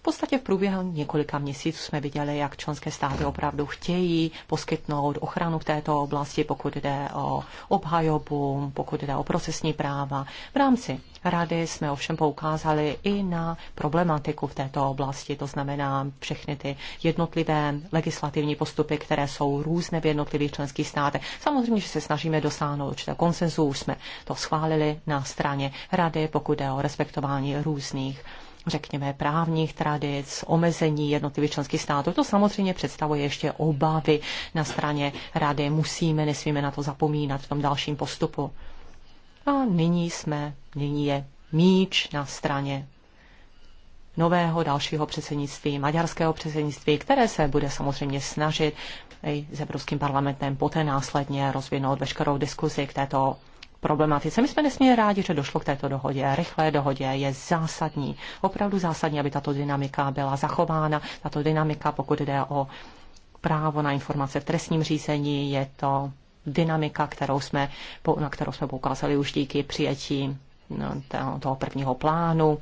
podstatě v průběhu několika měsíců jsme viděli, jak členské státy opravdu chtějí poskytnout ochranu v této oblasti, pokud jde o obhajobu, pokud jde o procesní práva. V rámci rady jsme ovšem poukázali i na problematiku v této oblasti, to znamená všechny ty jednotlivé legislativní postupy, které jsou různé v jednotlivých členských státech. Samozřejmě, že se snažíme dosáhnout určitého konsenzu, už jsme to schválili na straně rady, pokud jde o respektování různých řekněme, právních tradic, omezení jednotlivých členských států. To samozřejmě představuje ještě obavy na straně rady. Musíme, nesmíme na to zapomínat v tom dalším postupu. A nyní jsme, nyní je míč na straně nového dalšího předsednictví, maďarského předsednictví, které se bude samozřejmě snažit i s Evropským parlamentem poté následně rozvinout veškerou diskuzi k této problematice. My jsme nesmírně rádi, že došlo k této dohodě. Rychlé dohodě je zásadní, opravdu zásadní, aby tato dynamika byla zachována. Tato dynamika, pokud jde o právo na informace v trestním řízení, je to dynamika, kterou jsme, na kterou jsme poukázali už díky přijetí no, toho prvního plánu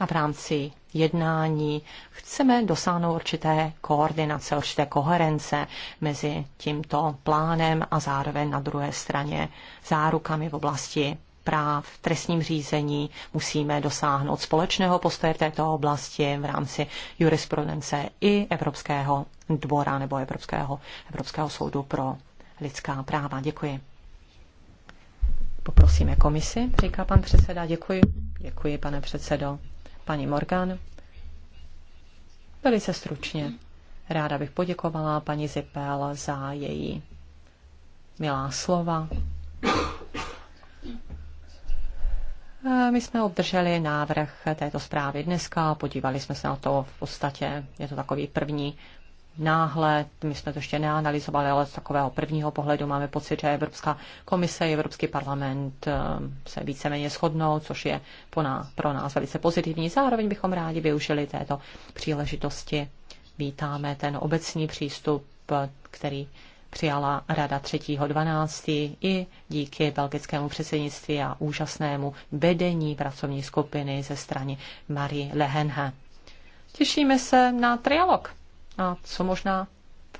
a v rámci jednání. Chceme dosáhnout určité koordinace, určité koherence mezi tímto plánem a zároveň na druhé straně zárukami v oblasti práv v trestním řízení musíme dosáhnout společného postoje v této oblasti v rámci jurisprudence i Evropského dvora nebo Evropského, Evropského soudu pro lidská práva. Děkuji. Poprosíme komisi, říká pan předseda. Děkuji. Děkuji, pane předsedo paní Morgan. Velice stručně. Ráda bych poděkovala paní Zipel za její milá slova. My jsme obdrželi návrh této zprávy dneska, podívali jsme se na to v podstatě, je to takový první náhle my jsme to ještě neanalizovali, ale z takového prvního pohledu máme pocit, že Evropská komise, Evropský parlament eh, se víceméně shodnou, což je pro nás velice pozitivní. Zároveň bychom rádi využili této příležitosti. Vítáme ten obecný přístup, který přijala Rada 3.12. i díky belgickému předsednictví a úžasnému vedení pracovní skupiny ze strany Marie Lehenhe. Těšíme se na trialog a co možná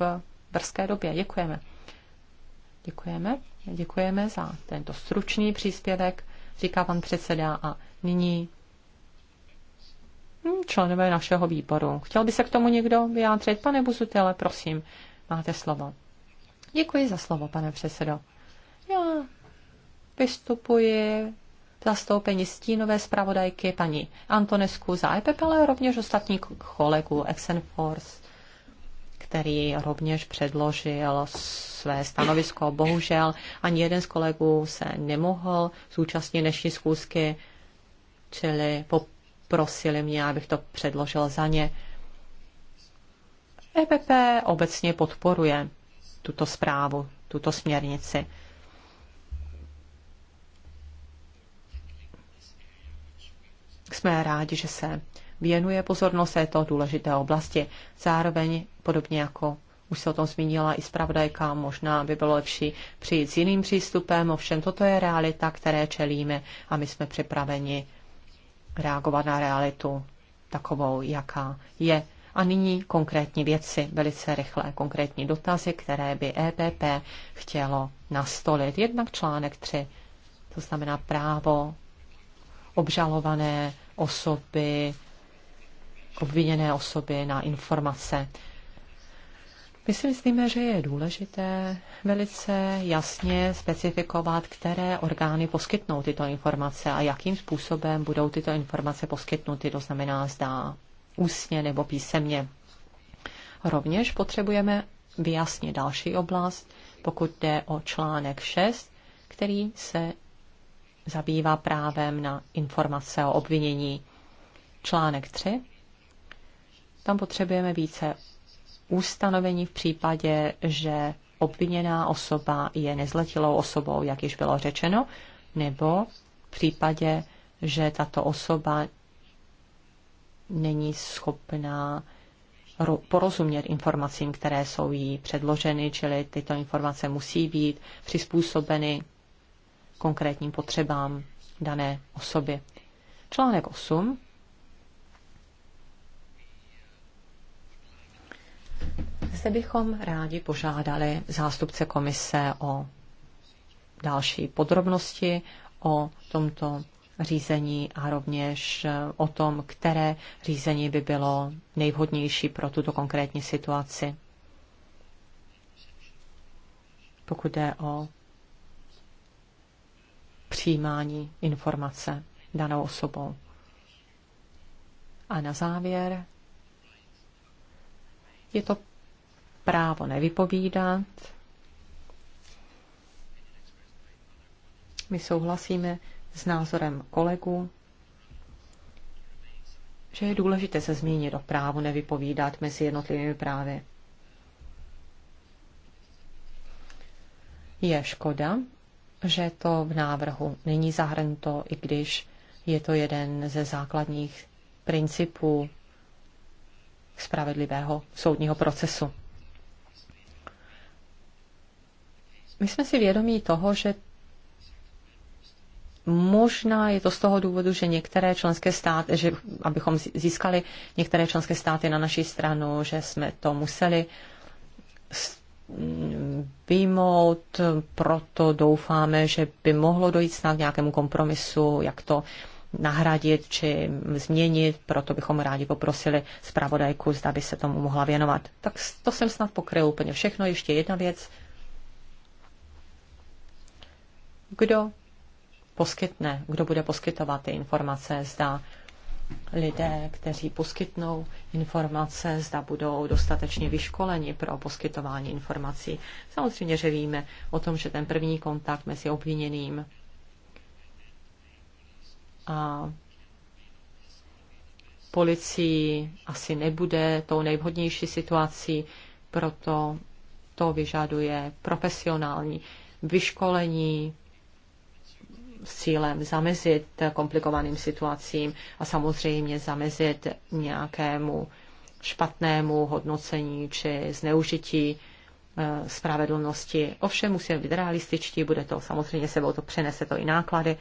v brzké době. Děkujeme. Děkujeme. Děkujeme za tento stručný příspěvek, říká pan předseda a nyní hm, členové našeho výboru. Chtěl by se k tomu někdo vyjádřit? Pane Buzutele, prosím, máte slovo. Děkuji za slovo, pane předsedo. Já vystupuji v zastoupení stínové zpravodajky paní Antonesku za EPP, ale rovněž ostatních kolegů Exenforce, který rovněž předložil své stanovisko. Bohužel ani jeden z kolegů se nemohl zúčastnit dnešní zkoušky, čili poprosili mě, abych to předložil za ně. EPP obecně podporuje tuto zprávu, tuto směrnici. Jsme rádi, že se věnuje pozornost této důležité oblasti. Zároveň, podobně jako už se o tom zmínila i zpravodajka, možná by bylo lepší přijít s jiným přístupem, ovšem toto je realita, které čelíme a my jsme připraveni reagovat na realitu takovou, jaká je. A nyní konkrétní věci, velice rychlé konkrétní dotazy, které by EPP chtělo nastolit. Jednak článek 3, to znamená právo obžalované osoby obviněné osoby, na informace. My si myslíme, že je důležité velice jasně specifikovat, které orgány poskytnou tyto informace a jakým způsobem budou tyto informace poskytnuty, to znamená zdá ústně nebo písemně. Rovněž potřebujeme vyjasnit další oblast, pokud jde o článek 6, který se zabývá právem na informace o obvinění. Článek 3 tam potřebujeme více ustanovení v případě, že obviněná osoba je nezletilou osobou, jak již bylo řečeno, nebo v případě, že tato osoba není schopná porozumět informacím, které jsou jí předloženy, čili tyto informace musí být přizpůsobeny konkrétním potřebám dané osoby. Článek 8 zde bychom rádi požádali zástupce komise o další podrobnosti o tomto řízení a rovněž o tom, které řízení by bylo nejvhodnější pro tuto konkrétní situaci. Pokud jde o přijímání informace danou osobou. A na závěr je to právo nevypovídat. My souhlasíme s názorem kolegu, že je důležité se zmínit o právu nevypovídat mezi jednotlivými právy. Je škoda, že to v návrhu není zahrnuto, i když je to jeden ze základních principů spravedlivého soudního procesu. My jsme si vědomí toho, že možná je to z toho důvodu, že některé členské státy, že abychom získali některé členské státy na naší stranu, že jsme to museli vyjmout, proto doufáme, že by mohlo dojít snad k nějakému kompromisu, jak to nahradit či změnit, proto bychom rádi poprosili zpravodajku, zda by se tomu mohla věnovat. Tak to jsem snad pokryl úplně všechno. Ještě jedna věc, kdo poskytne, kdo bude poskytovat ty informace, zda lidé, kteří poskytnou informace, zda budou dostatečně vyškoleni pro poskytování informací. Samozřejmě, že víme o tom, že ten první kontakt mezi obviněným a policií asi nebude tou nejvhodnější situací, proto to vyžaduje profesionální vyškolení s cílem zamezit komplikovaným situacím a samozřejmě zamezit nějakému špatnému hodnocení či zneužití eh, spravedlnosti. Ovšem musíme být realističtí, bude to samozřejmě sebou to přenese to i náklady,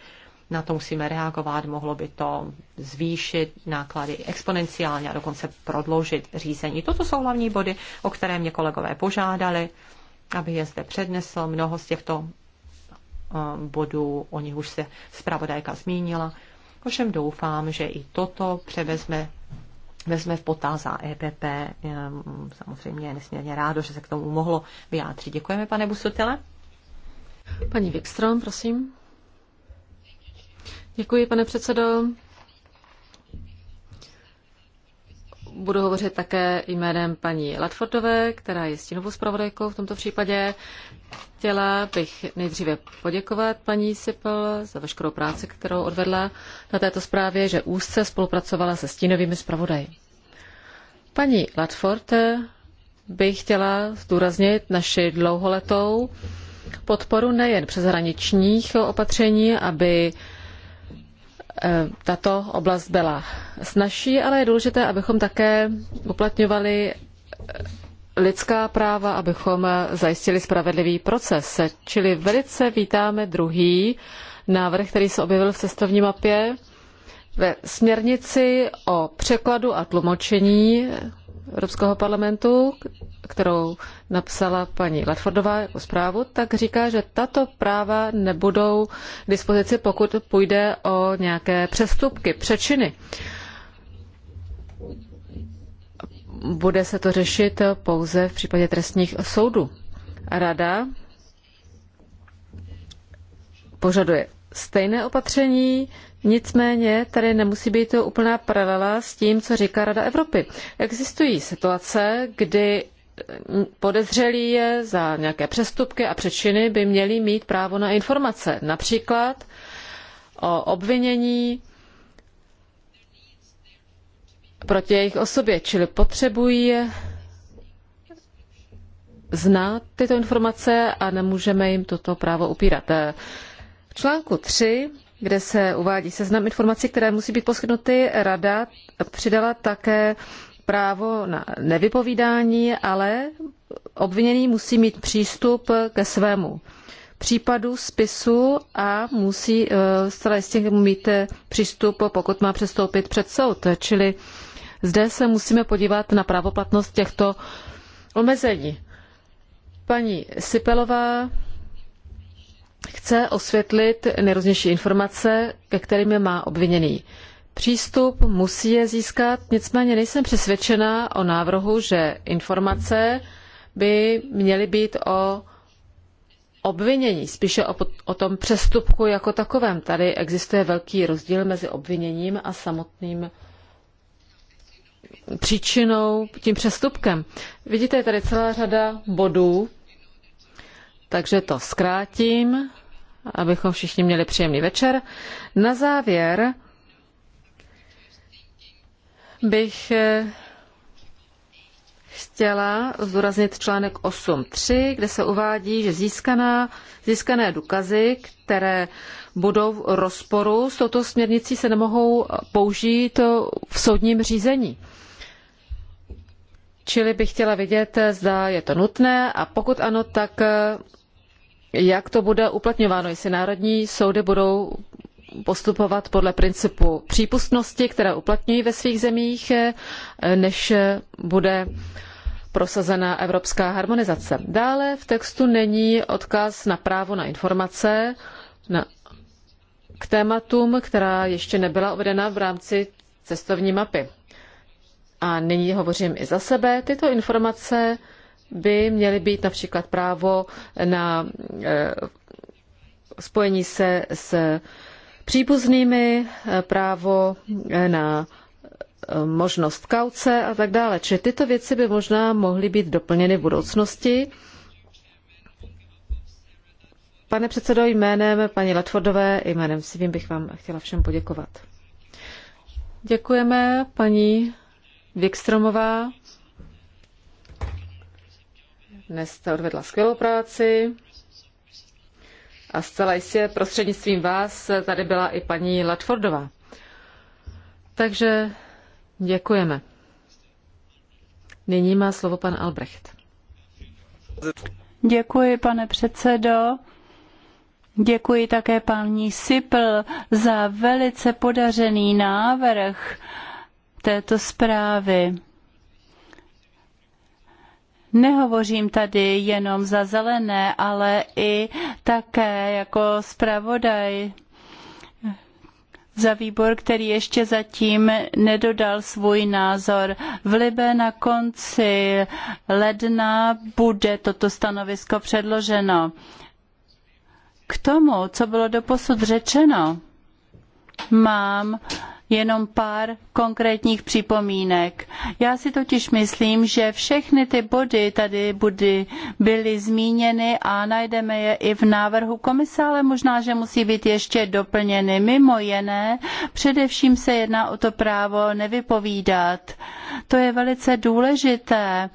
na to musíme reagovat, mohlo by to zvýšit náklady exponenciálně a dokonce prodloužit řízení. Toto jsou hlavní body, o které mě kolegové požádali, aby je zde přednesl. Mnoho z těchto Eh, bodů, o nich už se zpravodajka zmínila. Ovšem doufám, že i toto převezme vezme v potaz a EPP. Eh, samozřejmě je nesmírně rádo, že se k tomu mohlo vyjádřit. Děkujeme, pane Busutele. Paní Wikström, prosím. Děkuji, pane předsedo. budu hovořit také jménem paní Latfordové, která je stínovou zpravodajkou v tomto případě. Chtěla bych nejdříve poděkovat paní Sipel za veškerou práci, kterou odvedla na této zprávě, že úzce spolupracovala se stínovými zpravodaji. Paní Latford bych chtěla zdůraznit naši dlouholetou podporu nejen přeshraničních opatření, aby Eh, tato oblast byla snažší, ale je důležité, abychom také uplatňovali eh, lidská práva, abychom eh, zajistili spravedlivý proces. Čili velice vítáme druhý návrh, který se objevil v cestovní mapě ve směrnici o překladu a tlumočení Evropského parlamentu, kterou napsala paní Latfordová jako zprávu, tak říká, že tato práva nebudou k dispozici, pokud půjde o nějaké přestupky, přečiny. Bude se to řešit pouze v případě trestních soudů. Rada požaduje stejné opatření, Nicméně tady nemusí být to úplná paralela s tím, co říká Rada Evropy. Existují situace, kdy podezřelí je za nějaké přestupky a přečiny by měli mít právo na informace, například o obvinění proti jejich osobě, čili potřebují znát tyto informace a nemůžeme jim toto právo upírat. V článku 3 kde se uvádí seznam informací, které musí být poskytnuty. Rada přidala také právo na nevypovídání, ale obviněný musí mít přístup ke svému případu, spisu a musí eh, zcela jistě mít eh, přístup, pokud má přestoupit před soud. Čili zde se musíme podívat na právoplatnost těchto omezení. Paní Sipelová chce osvětlit nejrůznější informace, ke kterým má obviněný. Přístup musí je získat, nicméně nejsem přesvědčena o návrhu, že informace by měly být o obvinění, spíše o, o tom přestupku jako takovém. Tady existuje velký rozdíl mezi obviněním a samotným příčinou, tím přestupkem. Vidíte, je tady celá řada bodů, takže to zkrátím abychom všichni měli příjemný večer. Na závěr bych eh, chtěla zdůraznit článek 8.3, kde se uvádí, že získaná, získané důkazy, které budou v rozporu s touto směrnicí, se nemohou použít v soudním řízení. Čili bych chtěla vidět, zda je to nutné a pokud ano, tak jak to bude uplatňováno, jestli národní soudy budou postupovat podle principu přípustnosti, které uplatňují ve svých zemích, než bude prosazena evropská harmonizace. Dále v textu není odkaz na právo na informace na, k tématům, která ještě nebyla uvedena v rámci cestovní mapy. A nyní hovořím i za sebe. Tyto informace by měly být například právo na eh, spojení se s příbuznými, eh, právo eh, na možnost kauce a tak dále. Čili tyto věci by možná mohly být doplněny v budoucnosti. Pane předsedo, jménem paní Latfordové, jménem svým bych vám chtěla všem poděkovat. Děkujeme paní Vikstromová. Dnes jste odvedla skvělou práci a zcela jistě prostřednictvím vás tady byla i paní Latfordová. Takže děkujeme. Nyní má slovo pan Albrecht. Děkuji, pane předsedo. Děkuji také paní Sipl za velice podařený návrh této zprávy. Nehovořím tady jenom za zelené, ale i také jako zpravodaj za výbor, který ještě zatím nedodal svůj názor. V Libe na konci ledna bude toto stanovisko předloženo. K tomu, co bylo doposud řečeno, mám jenom pár konkrétních připomínek. Já si totiž myslím, že všechny ty body tady byly zmíněny a najdeme je i v návrhu komise, ale možná, že musí být ještě doplněny. Mimo jiné, především se jedná o to právo nevypovídat. To je velice důležité.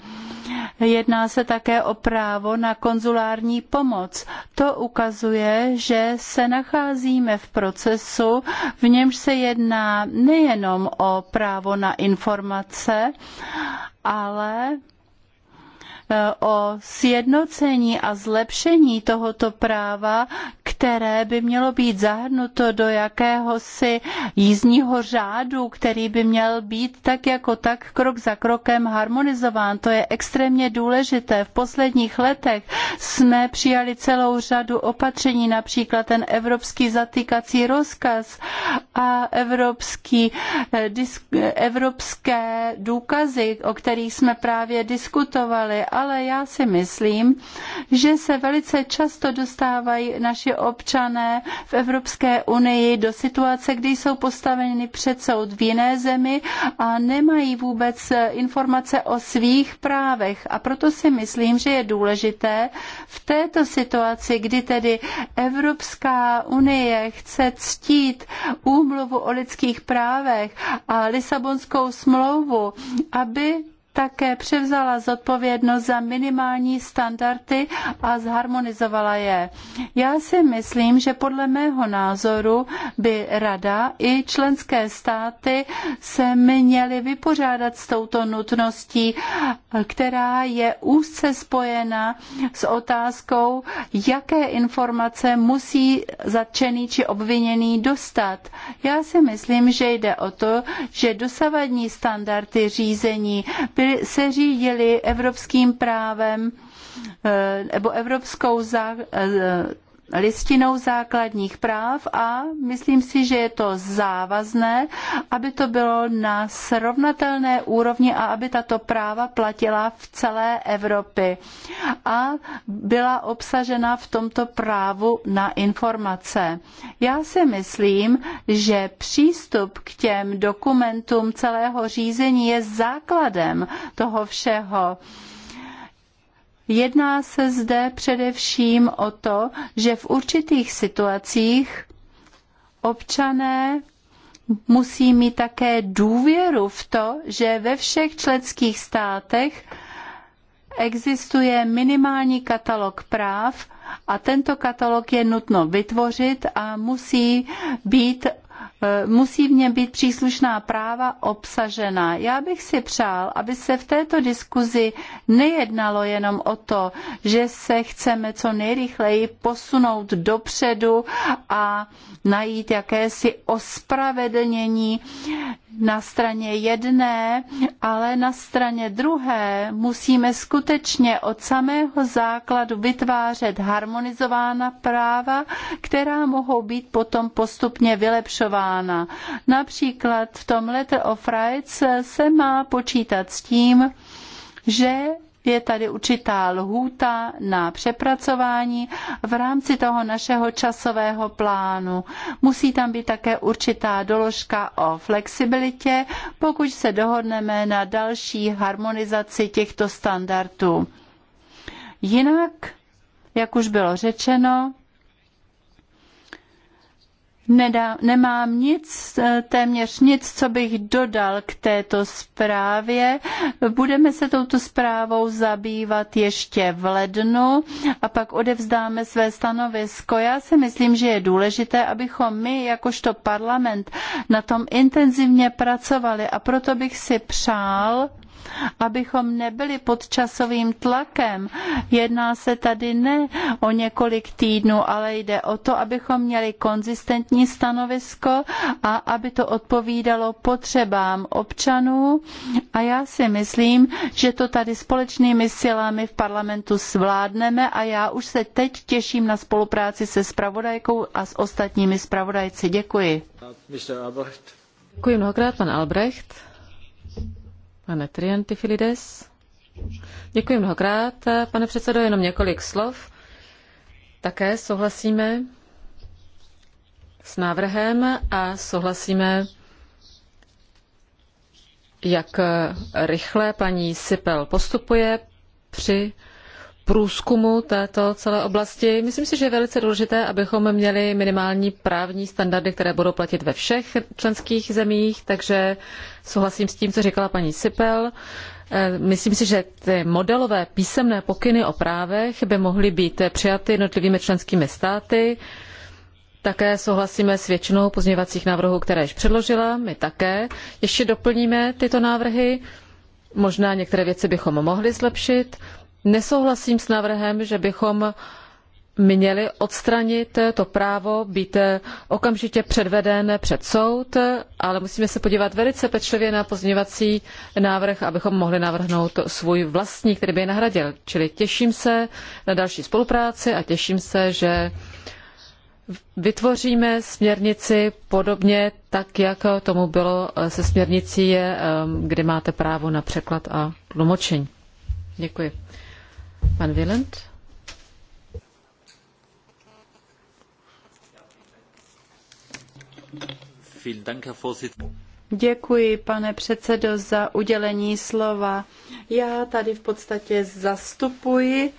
Jedná se také o právo na konzulární pomoc. To ukazuje, že se nacházíme v procesu, v němž se jedná nejenom o právo na informace, ale Eh, o sjednocení a zlepšení tohoto práva, které by mělo být zahrnuto do jakéhosi jízdního řádu, který by měl být tak jako tak krok za krokem harmonizován. To je extrémně důležité. V posledních letech jsme přijali celou řadu opatření, například ten evropský zatýkací rozkaz a evropský, eh, eh, evropské důkazy, o kterých jsme právě diskutovali. A ale já si myslím, že se velice často dostávají naši občané v Evropské unii do situace, kdy jsou postaveni před soud v jiné zemi a nemají vůbec informace o svých právech. A proto si myslím, že je důležité v této situaci, kdy tedy Evropská unie chce ctít úmluvu o lidských právech a Lisabonskou smlouvu, aby také převzala zodpovědnost za minimální standardy a zharmonizovala je. Já si myslím, že podle mého názoru by Rada i členské státy se měly vypořádat s touto nutností, která je úzce spojena s otázkou, jaké informace musí zatčený či obviněný dostat. Já si myslím, že jde o to, že dosavadní standardy řízení byly se řídili evropským právem eh, nebo evropskou zá, eh, listinou základních práv a myslím si, že je to závazné, aby to bylo na srovnatelné úrovni a aby tato práva platila v celé Evropě a byla obsažena v tomto právu na informace. Já si myslím, že přístup k těm dokumentům celého řízení je základem toho všeho. Jedná se zde především o to, že v určitých situacích občané musí mít také důvěru v to, že ve všech členských státech existuje minimální katalog práv a tento katalog je nutno vytvořit a musí být Eh, musí v něm být příslušná práva obsažena. Já bych si přál, aby se v této diskuzi nejednalo jenom o to, že se chceme co nejrychleji posunout dopředu a najít jakési ospravedlnění na straně jedné, ale na straně druhé musíme skutečně od samého základu vytvářet harmonizována práva, která mohou být potom postupně vylepšována. Například v tom Letter of Rights se má počítat s tím, že je tady určitá lhůta na přepracování v rámci toho našeho časového plánu. Musí tam být také určitá doložka o flexibilitě, pokud se dohodneme na další harmonizaci těchto standardů. Jinak, jak už bylo řečeno, nedá, nemám nic, eh, téměř nic, co bych dodal k této zprávě. Budeme se touto zprávou zabývat ještě v lednu a pak odevzdáme své stanovisko. Já si myslím, že je důležité, abychom my, jakožto parlament, na tom intenzivně pracovali a proto bych si přál, abychom nebyli pod časovým tlakem. Jedná se tady ne o několik týdnů, ale jde o to, abychom měli konzistentní stanovisko a aby to odpovídalo potřebám občanů. A já si myslím, že to tady společnými silami v parlamentu zvládneme a já už se teď těším na spolupráci se spravodajkou a s ostatními spravodajci. Děkuji. Děkuji mnohokrát, pan Albrecht. Pane Triantifilides. Děkuji mnohokrát, pane předsedo, jenom několik slov. Také souhlasíme s návrhem a souhlasíme, jak rychle paní Sipel postupuje při průzkumu této celé oblasti. Myslím si, že je velice důležité, abychom měli minimální právní standardy, které budou platit ve všech členských zemích, takže souhlasím s tím, co říkala paní Sipel. Eh, myslím si, že ty modelové písemné pokyny o právech by mohly být přijaty jednotlivými členskými státy. Také souhlasíme s většinou pozměňovacích návrhů, které již předložila. My také ještě doplníme tyto návrhy. Možná některé věci bychom mohli zlepšit nesouhlasím s návrhem, že bychom měli odstranit to právo být okamžitě předveden před soud, ale musíme se podívat velice pečlivě na pozměňovací návrh, abychom mohli navrhnout svůj vlastní, který by je nahradil. Čili těším se na další spolupráci a těším se, že vytvoříme směrnici podobně tak, jak tomu bylo se směrnicí, eh, kde máte právo na překlad a tlumočení. Děkuji. Pan Vilent? Vielen Dank, Herr Vorsitzender. Děkuji, pane předsedo, za udělení slova. Já tady v podstatě zastupuji.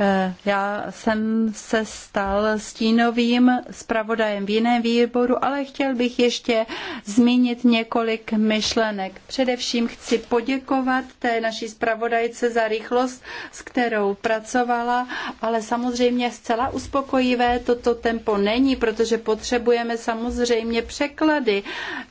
Eh, já jsem se stal stínovým zpravodajem v jiném výboru, ale chtěl bych ještě zmínit několik myšlenek. Především chci poděkovat té naší zpravodajce za rychlost, s kterou pracovala, ale samozřejmě zcela uspokojivé toto tempo není, protože potřebujeme samozřejmě překlady.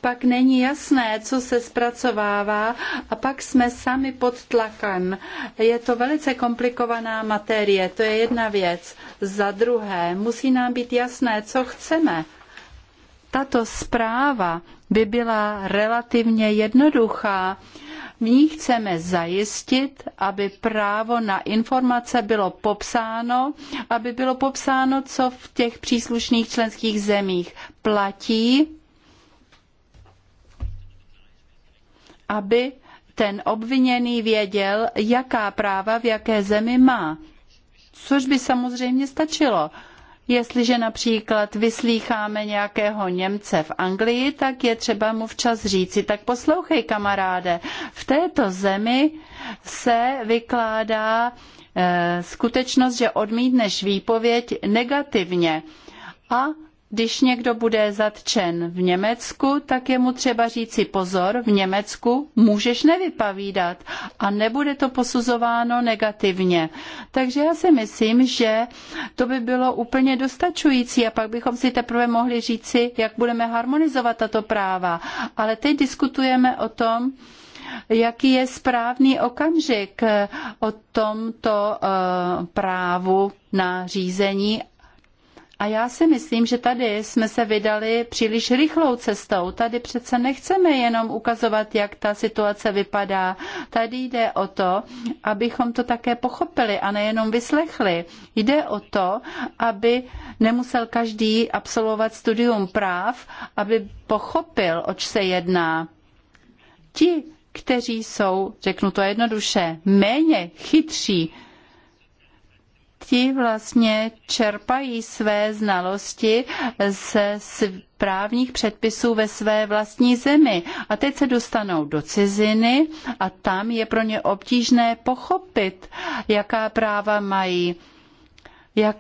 Pak není jasné, co se zpracovává a pak jsme sami pod tlakem. Je to velice komplikovaná materie, to je jedna věc. Za druhé, musí nám být jasné, co chceme. Tato zpráva by byla relativně jednoduchá. V ní chceme zajistit, aby právo na informace bylo popsáno, aby bylo popsáno, co v těch příslušných členských zemích platí aby ten obviněný věděl, jaká práva v jaké zemi má. Což by samozřejmě stačilo. Jestliže například vyslýcháme nějakého Němce v Anglii, tak je třeba mu včas říci, tak poslouchej kamaráde, v této zemi se vykládá eh, skutečnost, že odmítneš výpověď negativně. A když někdo bude zatčen v Německu, tak je mu třeba říci pozor, v Německu můžeš nevypovídat a nebude to posuzováno negativně. Takže já si myslím, že to by bylo úplně dostačující a pak bychom si teprve mohli říci, jak budeme harmonizovat tato práva. Ale teď diskutujeme o tom, jaký je správný okamžik o tomto eh, právu na řízení a já si myslím, že tady jsme se vydali příliš rychlou cestou. Tady přece nechceme jenom ukazovat, jak ta situace vypadá. Tady jde o to, abychom to také pochopili a nejenom vyslechli. Jde o to, aby nemusel každý absolvovat studium práv, aby pochopil, oč se jedná. Ti, kteří jsou, řeknu to jednoduše, méně chytří, ti vlastně čerpají své znalosti ze právních předpisů ve své vlastní zemi. A teď se dostanou do ciziny a tam je pro ně obtížné pochopit, jaká práva mají, je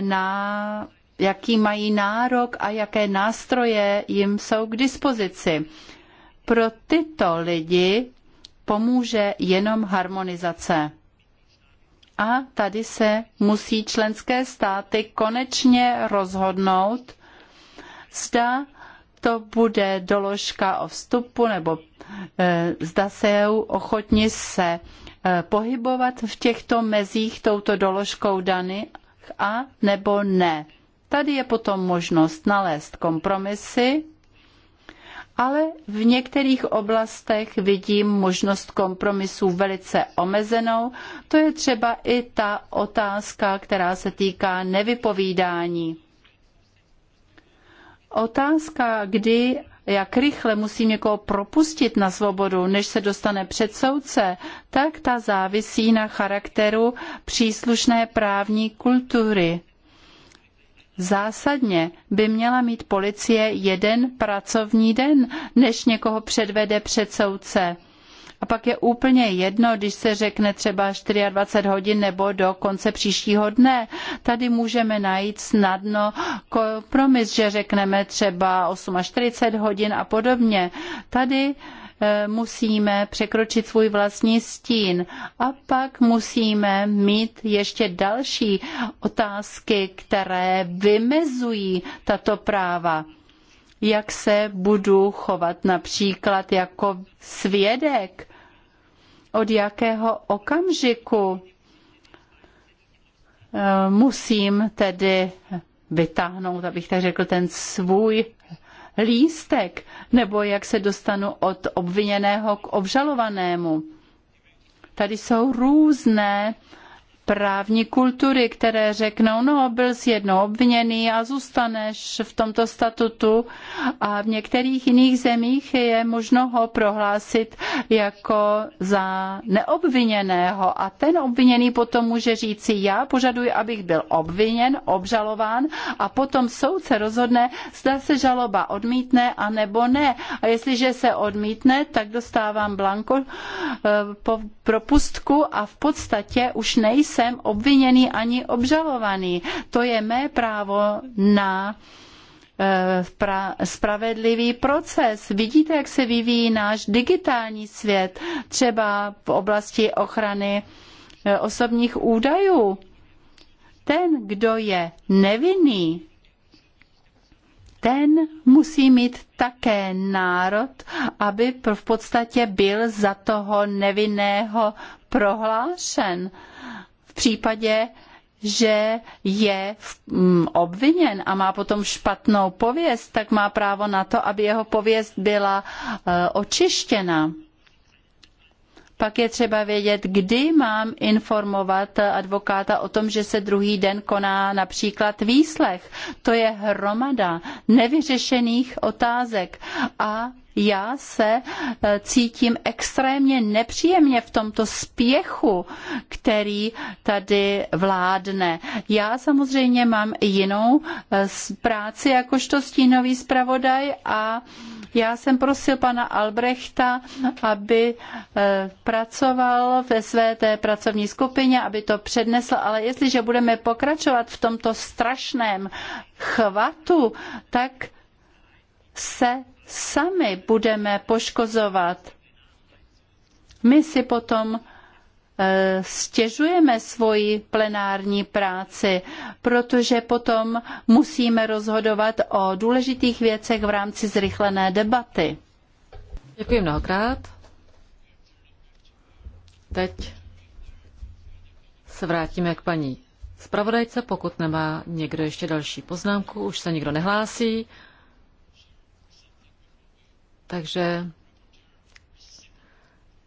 na, jaký mají nárok a jaké nástroje jim jsou k dispozici. Pro tyto lidi pomůže jenom harmonizace. A tady se musí členské státy konečně rozhodnout, zda to bude doložka o vstupu nebo e, zda se ochotni se e, pohybovat v těchto mezích touto doložkou dany a nebo ne. Tady je potom možnost nalézt kompromisy ale v některých oblastech vidím možnost kompromisů velice omezenou. To je třeba i ta otázka, která se týká nevypovídání. Otázka, kdy jak rychle musím někoho propustit na svobodu, než se dostane před soudce, tak ta závisí na charakteru příslušné právní kultury. Zásadně by měla mít policie jeden pracovní den, než někoho předvede před soudce. A pak je úplně jedno, když se řekne třeba 24 hodin nebo do konce příštího dne. Tady můžeme najít snadno kompromis, že řekneme třeba 48 hodin a podobně. Tady Eh, musíme překročit svůj vlastní stín a pak musíme mít ještě další otázky, které vymezují tato práva jak se budu chovat například jako svědek, od jakého okamžiku eh, musím tedy vytáhnout, abych tak řekl, ten svůj lístek, nebo jak se dostanu od obviněného k obžalovanému. Tady jsou různé uh, právní kultury, které řeknou, no byl jsi jednou obviněný a zůstaneš v tomto statutu a v některých jiných zemích je možno ho prohlásit jako za neobviněného a ten obviněný potom může říci, já požaduji, abych byl obviněn, obžalován a potom soudce rozhodne, zda se žaloba odmítne a nebo ne. A jestliže se odmítne, tak dostávám blanko eh, propustku a v podstatě už nejsem nejsem obviněný ani obžalovaný. To je mé právo na eh, spravedlivý proces. Vidíte, jak se vyvíjí náš digitální svět, třeba v oblasti ochrany eh, osobních údajů. Ten, kdo je nevinný, ten musí mít také národ, aby v podstatě byl za toho nevinného prohlášen v případě, že je mm, obviněn a má potom špatnou pověst, tak má právo na to, aby jeho pověst byla eh, očištěna pak je třeba vědět, kdy mám informovat advokáta o tom, že se druhý den koná například výslech. To je hromada nevyřešených otázek a já se e, cítím extrémně nepříjemně v tomto spěchu, který tady vládne. Já samozřejmě mám jinou e, práci jakožto stínový zpravodaj a uh, já jsem prosil pana Albrechta, aby eh, pracoval ve své té pracovní skupině, aby to přednesl, ale jestliže budeme pokračovat v tomto strašném chvatu, tak se sami budeme poškozovat. My si potom Eh, stěžujeme svoji plenární práci, protože potom musíme rozhodovat o důležitých věcech v rámci zrychlené debaty. Děkuji mnohokrát. Teď se vrátíme k paní zpravodajce, pokud nemá někdo ještě další poznámku, už se nikdo nehlásí. Takže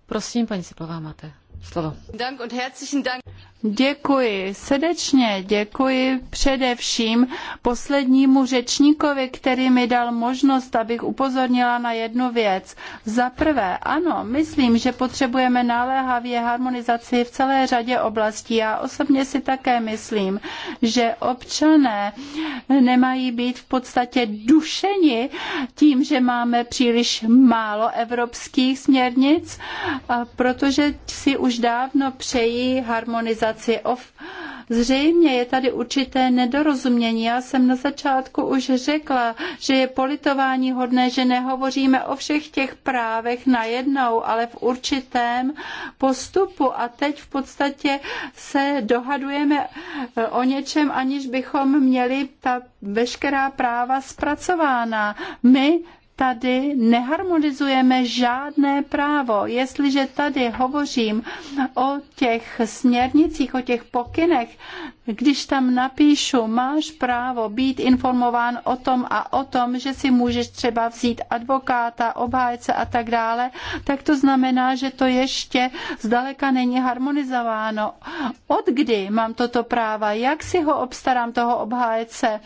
prosím, paní Siplová, máte slovo. Dank und herzlichen Dank. Děkuji, srdečně děkuji především poslednímu řečníkovi, který mi dal možnost, abych upozornila na jednu věc. Za prvé, ano, myslím, že potřebujeme naléhavě harmonizaci v celé řadě oblastí. Já osobně si také myslím, že občané nemají být v podstatě dušeni tím, že máme příliš málo evropských směrnic, protože si už dávno přejí harmonizaci citaci OF. Zřejmě je tady určité nedorozumění. Já jsem na začátku už řekla, že je politování hodné, že nehovoříme o všech těch právech najednou, ale v určitém postupu. A teď v podstatě se dohadujeme eh, o něčem, aniž bychom měli ta veškerá práva zpracována. My tady neharmonizujeme žádné právo. Jestliže tady hovořím o těch směrnicích, o těch pokynech, když tam napíšu, máš právo být informován o tom a o tom, že si můžeš třeba vzít advokáta, obhájce a tak dále, tak to znamená, že to ještě zdaleka není harmonizováno. Od kdy mám toto práva? Jak si ho obstarám, toho obhájce?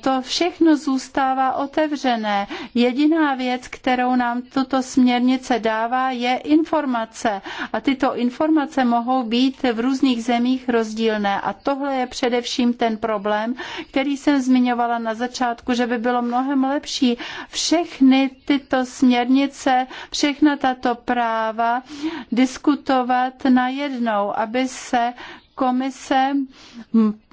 To všechno zůstává otevřené. Jediná věc, kterou nám tuto směrnice dává, je informace. A tyto informace mohou být v různých zemích rozdílné. A to tohle je především ten problém, který jsem zmiňovala na začátku, že by bylo mnohem lepší všechny tyto směrnice, všechna tato práva diskutovat najednou, aby se komise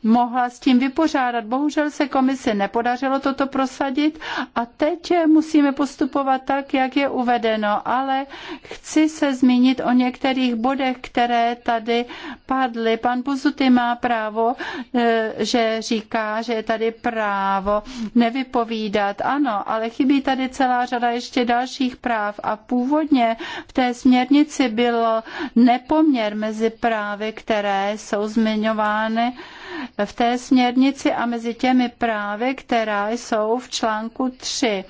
mohla s tím vypořádat. Bohužel se komisi nepodařilo toto prosadit a teď musíme postupovat tak, jak je uvedeno, ale chci se zmínit o některých bodech, které tady padly. Pan Buzuty má právo, eh, že říká, že je tady právo nevypovídat. Ano, ale chybí tady celá řada ještě dalších práv a původně v té směrnici bylo nepoměr mezi právy, které jsou zmiňovány v té směrnici a mezi těmi právy, která jsou v článku 3.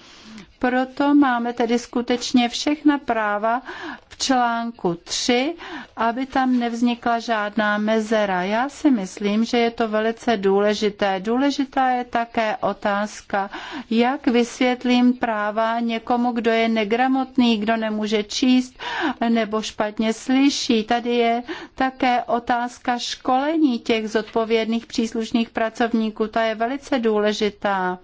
Proto máme tedy skutečně všechna práva v článku 3, aby tam nevznikla žádná mezera. Já si myslím, že je to velice důležité. Důležitá je také otázka, jak vysvětlím práva někomu, kdo je negramotný, kdo nemůže číst nebo špatně slyší. Tady je také otázka školení těch zodpovědných příslušných pracovníků. Ta je velice důležitá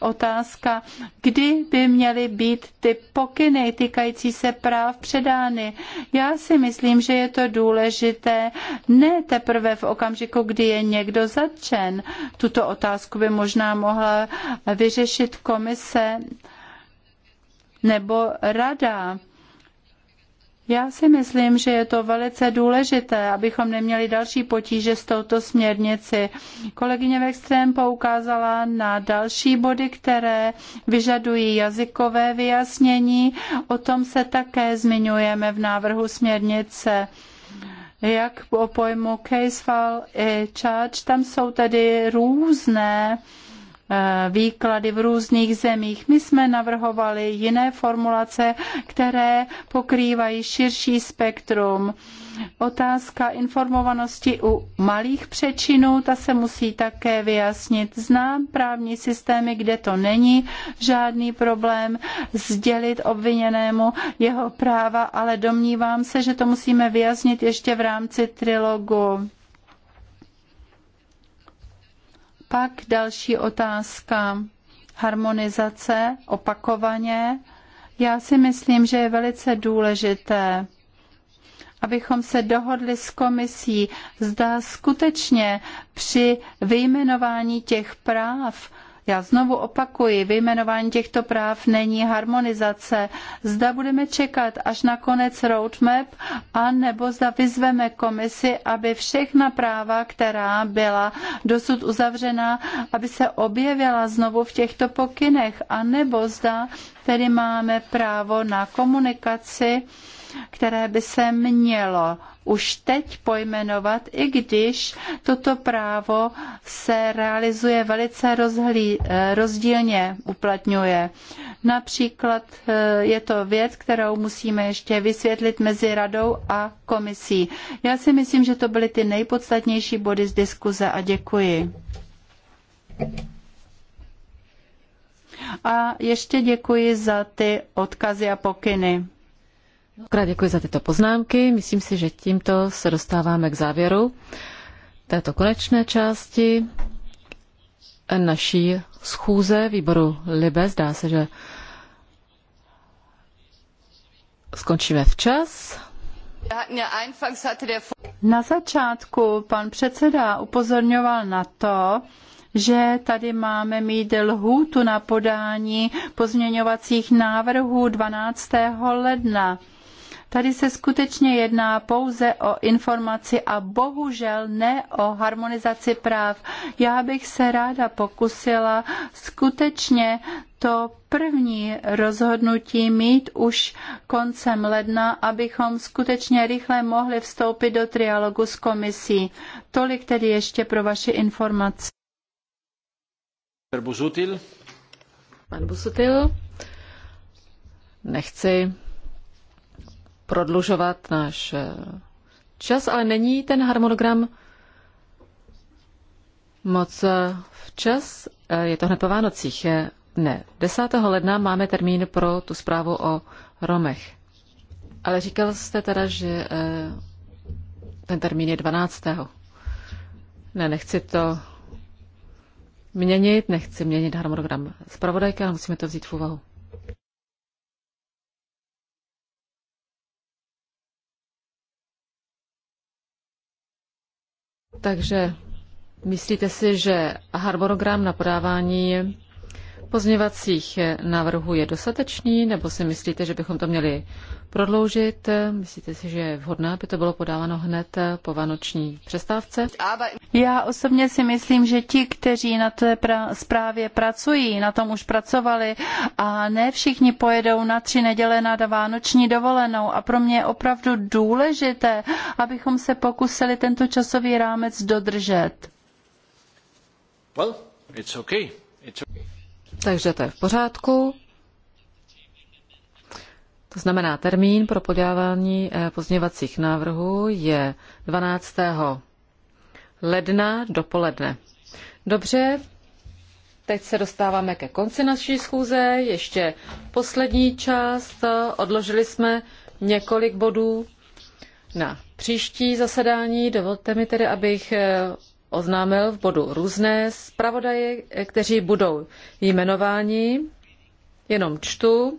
otázka, kdy by měly být ty pokyny týkající se práv předány. Já si myslím, že je to důležité ne teprve v okamžiku, kdy je někdo zatčen. Tuto otázku by možná mohla vyřešit komise nebo rada já si myslím, že je to velice důležité, abychom neměli další potíže s touto směrnici. Kolegyně Vextrém poukázala na další body, které vyžadují jazykové vyjasnění. O tom se také zmiňujeme v návrhu směrnice jak o pojmu case file i charge, tam jsou tedy různé uh, Eh, výklady v různých zemích. My jsme navrhovali jiné formulace, které pokrývají širší spektrum. Otázka informovanosti u malých přečinů, ta se musí také vyjasnit. Znám právní systémy, kde to není žádný problém sdělit obviněnému jeho práva, ale domnívám se, že to musíme vyjasnit ještě v rámci trilogu. Pak další otázka harmonizace opakovaně. Já si myslím, že je velice důležité, abychom se dohodli s komisí, zda skutečně při vyjmenování těch práv já znovu opakuji, vyjmenování těchto práv není harmonizace. Zda budeme čekat až na konec roadmap, a nebo zda vyzveme komisi, aby všechna práva, která byla dosud uzavřena, aby se objevila znovu v těchto pokynech, a nebo zda Tedy máme právo na komunikaci, které by se mělo už teď pojmenovat, i když toto právo se realizuje velice rozhlí, eh, rozdílně uplatňuje. Například eh, je to věc, kterou musíme ještě vysvětlit mezi radou a komisí. Já si myslím, že to byly ty nejpodstatnější body z diskuze a děkuji. A ještě děkuji za ty odkazy a pokyny. Krát děkuji za tyto poznámky. Myslím si, že tímto se dostáváme k závěru této konečné části naší schůze výboru Libe. Zdá se, že skončíme včas. Na začátku pan předseda upozorňoval na to, že tady máme mít lhůtu na podání pozměňovacích návrhů 12. ledna. Tady se skutečně jedná pouze o informaci a bohužel ne o harmonizaci práv. Já bych se ráda pokusila skutečně to první rozhodnutí mít už koncem ledna, abychom skutečně rychle mohli vstoupit do trialogu s komisí. Tolik tedy ještě pro vaši informaci pane Pan nechci prodlužovat náš eh, čas, ale není ten harmonogram moc eh, včas. Eh, je to hned po Vánocích. Ne, 10. ledna máme termín pro tu zprávu o Romech. Ale říkal jste teda, že ten termín je 12. Ne, nechci to měnit, nechci měnit harmonogram zpravodajky, ale musíme to vzít v úvahu. Takže myslíte si, že harmonogram na podávání pozměvacích eh, návrhů je dostatečný, nebo si myslíte, že bychom to měli prodloužit? Myslíte si, že je vhodné, aby to bylo podáváno hned eh, po vánoční přestávce? Já osobně si myslím, že ti, kteří na té pra- zprávě pracují, na tom už pracovali a ne všichni pojedou na tři neděle na vánoční dovolenou a pro mě je opravdu důležité, abychom se pokusili tento časový rámec dodržet. Well, it's okay. It's okay. Takže to je v pořádku. To znamená, termín pro podávání eh, pozněvacích návrhů je 12. ledna dopoledne. Dobře, teď se dostáváme ke konci naší schůze. Ještě poslední část. Odložili jsme několik bodů na příští zasedání. Dovolte mi tedy, abych eh, oznámil v bodu různé zpravodaje, kteří budou jmenováni, jenom čtu,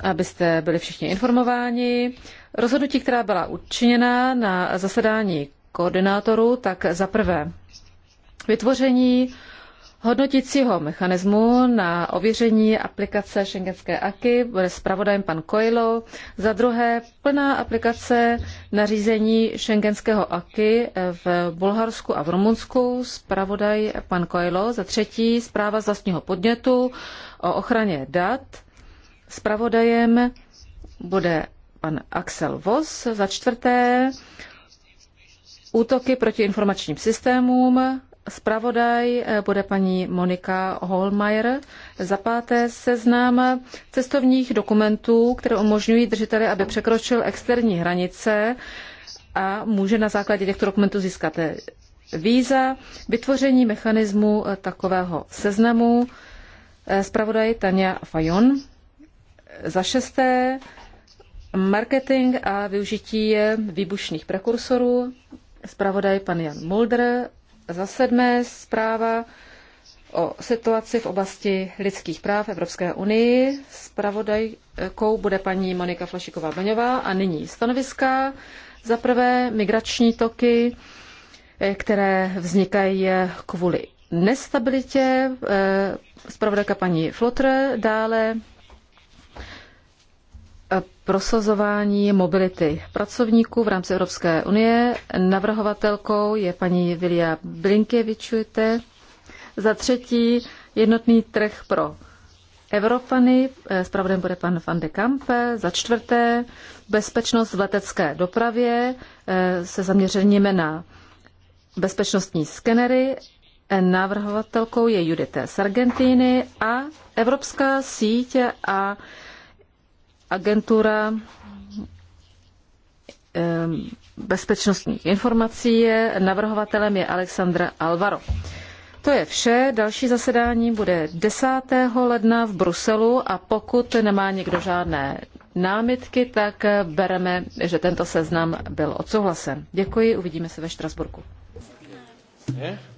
abyste byli všichni informováni. Rozhodnutí, která byla učiněna na zasedání koordinátorů, tak za prvé vytvoření hodnotícího mechanismu na ověření aplikace šengenské AKY bude zpravodajem pan Coelho. Za druhé, plná aplikace nařízení šengenského AKY v Bulharsku a v Rumunsku, zpravodaj pan Coelho. Za třetí, zpráva z vlastního podnětu o ochraně dat. Zpravodajem bude pan Axel Voss. Za čtvrté, útoky proti informačním systémům. Spravodaj eh, bude paní Monika Holmeier. Za páté seznám cestovních dokumentů, které umožňují držiteli, aby překročil externí hranice a může na základě těchto dokumentů získat eh, víza, vytvoření mechanismu eh, takového seznamu. Zpravodaj Tania Fajon. Za šesté marketing a využití výbušných prekursorů. Spravodaj pan Jan Mulder za sedmé zpráva o situaci v oblasti lidských práv Evropské unii. Spravodajkou bude paní Monika Flašiková-Baňová a nyní stanoviska. Za prvé migrační toky, eh, které vznikají kvůli nestabilitě. Eh, Spravodajka paní Flotre dále prosazování mobility pracovníků v rámci Evropské unie. Navrhovatelkou je paní Vilja Blinkevičujte. Za třetí jednotný trh pro Evropany, Spravodem eh, bude pan Van de Kampe. Za čtvrté bezpečnost v letecké dopravě eh, se zaměřením na bezpečnostní skenery. Eh, navrhovatelkou je Judith Sargentini a Evropská síť a Agentura bezpečnostních informací je, navrhovatelem je Alexandra Alvaro. To je vše. Další zasedání bude 10. ledna v Bruselu a pokud nemá někdo žádné námitky, tak bereme, že tento seznam byl odsouhlasen. Děkuji, uvidíme se ve Štrasburku. Eh?